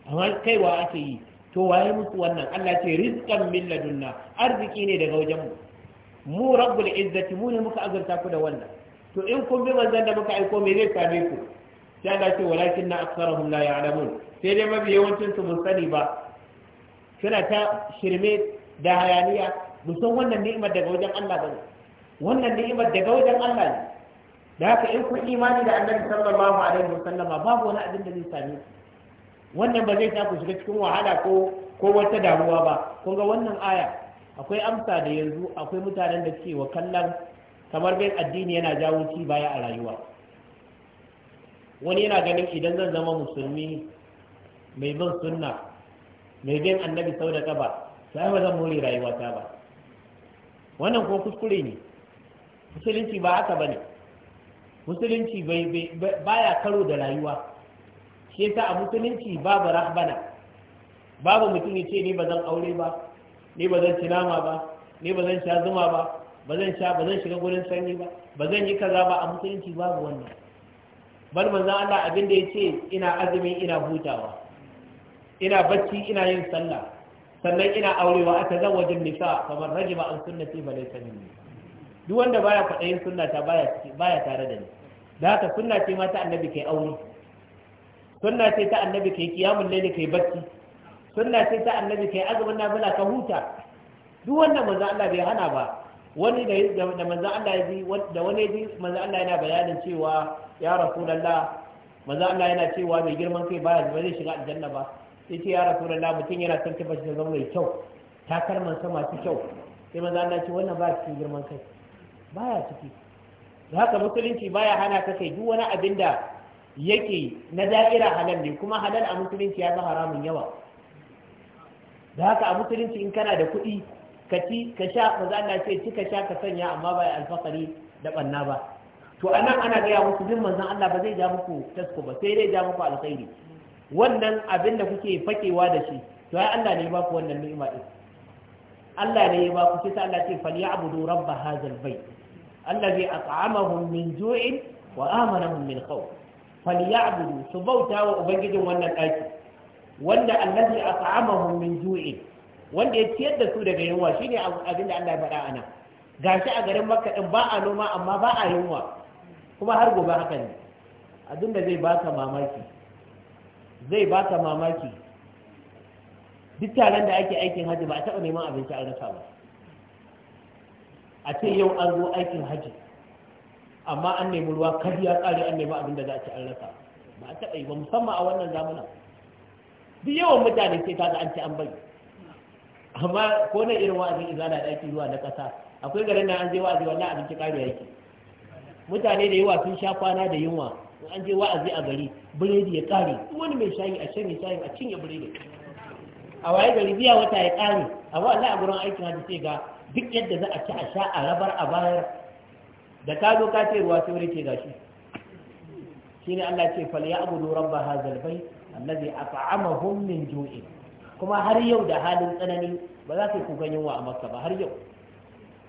amma kaiwa ake yi to waye musu wannan Allah ce rizqan min ladunna arziki ne daga wajen mu mu rabbul izzati mu ne muka azurta ku da wannan to in kun bi manzon da muka aiko me zai same ku sai Allah ce walakin na aksarahum la ya'lamun sai dai mafi yawancin su mun sani ba suna ta shirme da hayaniya musan wannan ni'imar daga wajen Allah bane wannan ni'imar daga wajen Allah ne da haka in ku imani da Annabi sallallahu alaihi wasallam babu wani abin da zai same ku wannan ba zai sa ku shiga cikin wahala ko ko wata damuwa ba kun ga wannan aya akwai amsa da yanzu akwai mutanen da ke wa kallon kamar bai addini yana jawo ci baya a rayuwa wani yana ganin idan zan zama musulmi mai bin sunna mai bin annabi sau da kaba sai ba zan more rayuwata ba wannan ko kuskure ne musulunci ba haka ne. musulunci baya karo da rayuwa shi yasa a musulunci babu rahbana babu mutum ya ce ni ba zan aure ba ni ba zan ci nama ba ni ba zan sha zuma ba ba zan sha ba zan shiga gurin sanyi ba ba zan yi kaza ba a musulunci babu wannan bal manzan Allah abin da ya ce ina azumi ina hutawa ina bacci ina yin sallah sannan ina aurewa a ta zawajin nisa kamar raji ba an sunnati fa laysa minni duk wanda baya yin sunna ta baya tare da ni da haka sunna ce ma ta annabi kai aure sunna ce ta annabi kai kiyamun laili kai bacci sunna ce ta annabi kai azumin nafila ka huta duk wanda manzan Allah bai hana ba wani da da Allah ya ji da wani ji manzon Allah yana bayanin cewa ya rasulullah manzon Allah yana cewa mai girman kai baya ba zai shiga aljanna ba sai ce ya rasulullah mutum yana son kifa shi zama mai kyau takalman sa masu kyau sai manzon Allah ya ce wannan ba cikin girman kai baya ciki da haka musulunci baya hana ka kai duk wani abin da yake na da'ira halal ne kuma halal a musulunci ya ga haramun yawa da haka a musulunci in kana da kuɗi ka ci ka sha maza Allah ce ci ka sha ka sanya amma ba alfakari da banna ba to a nan ana gaya muku bin manzon Allah ba zai ja muku tasko ba sai dai ja muku alkhairi wannan abin da kuke fakewa da shi to ai Allah ne ya baku wannan ni'ima din Allah ne ya baku sai Allah ce falyabudu rabb hadzal bait allazi at'amahum min ju'in wa amanahum min khawf falyabudu su bauta wa ubangijin wannan daki wanda allazi at'amahum min ju'in wanda ya ciyar da su daga yunwa shine abin da Allah ya faɗa ana gashi a garin Makka din ba a noma amma ba a yunwa kuma har gobe haka ne abin da zai baka mamaki zai baka mamaki duk taron da ake aikin haji ba a taɓa neman abinci an rasa ba a ce yau an zo aikin haji amma an nemi ruwa kar ya ƙare an nemi abin da za a ci an rasa ba a taɓa yi ba musamman a wannan zamanin duk yawan mutane sai ta ga an ci an bai amma ko na irin wa'azin a da ake zuwa na ƙasa akwai garin na an je wa'azi wannan abinci ƙari yake mutane da yawa sun sha kwana da yunwa an je wa'azi a gari biredi ya ƙare wani mai shayi a shan shayi a cinye biredi a waye gari biya wata ya ƙare amma Allah a gurin aikin hajji sai ga duk yadda za a ci a sha a rabar a bayar da ka zo ka ce ruwa sai wuri ce gashi shine Allah ce fal ya'budu rabb hadzal bayt allazi at'amahum min ju'in kuma har yau da halin tsanani ba za ka yi kukan yunwa a makka ba har yau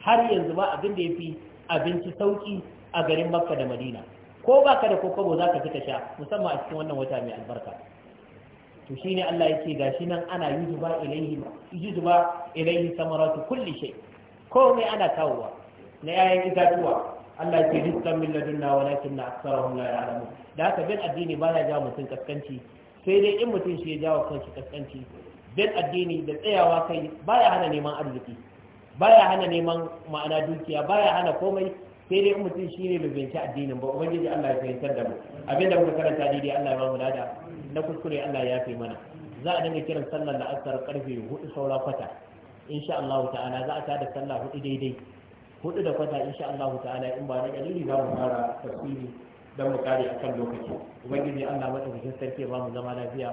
har yanzu ba abin da ya fi abinci sauki a garin makka da madina ko ba ka da kokobo za ka fi ka sha musamman a cikin wannan wata mai albarka to shi ne Allah ya ce shi nan ana yi zuba, ilaihi zuba ilaihi samaratu kulli shay ne ana kawowa na 'ya'yan itatuwa Allah ya ce rizqan min ladunna na aktharuhum la ya'lamun da haka bin addini ba ya jawo mutun kaskanci sai dai in mutum shi ya jawo kanshi kaskanci bin addini da tsayawa kai baya hana neman arziki baya hana neman ma'ana dukiya baya hana komai sai dai mutum shi ne lubinci addinin ba ubangiji Allah ya fahimtar da mu abinda muka karanta daidai Allah ya ba da na kuskure Allah ya fi mana za a dinga kiran sallar asar karfe hudu saura kwata insha Allah ta'ala za a tada sallah hudu daidai hudu da kwata insha Allah ta'ala in ba na dalili za mu fara tafsiri don mu kare akan lokaci ubangiji Allah madaukakin sarki ba mu zama lafiya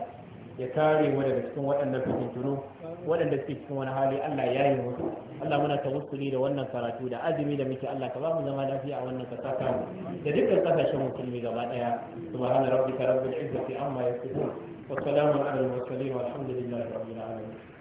ya kare mu daga cikin waɗannan fitintunu waɗanda suke cikin wani hali Allah ya yi musu Allah muna tawassuli da wannan karatu da azumi da muke Allah ka ba mu zama lafiya a wannan kasa ta da dukkan kasashen musulmi gaba daya subhana rabbika rabbil izzati amma yasifun wa salamun alal mursalin walhamdulillahi rabbil alamin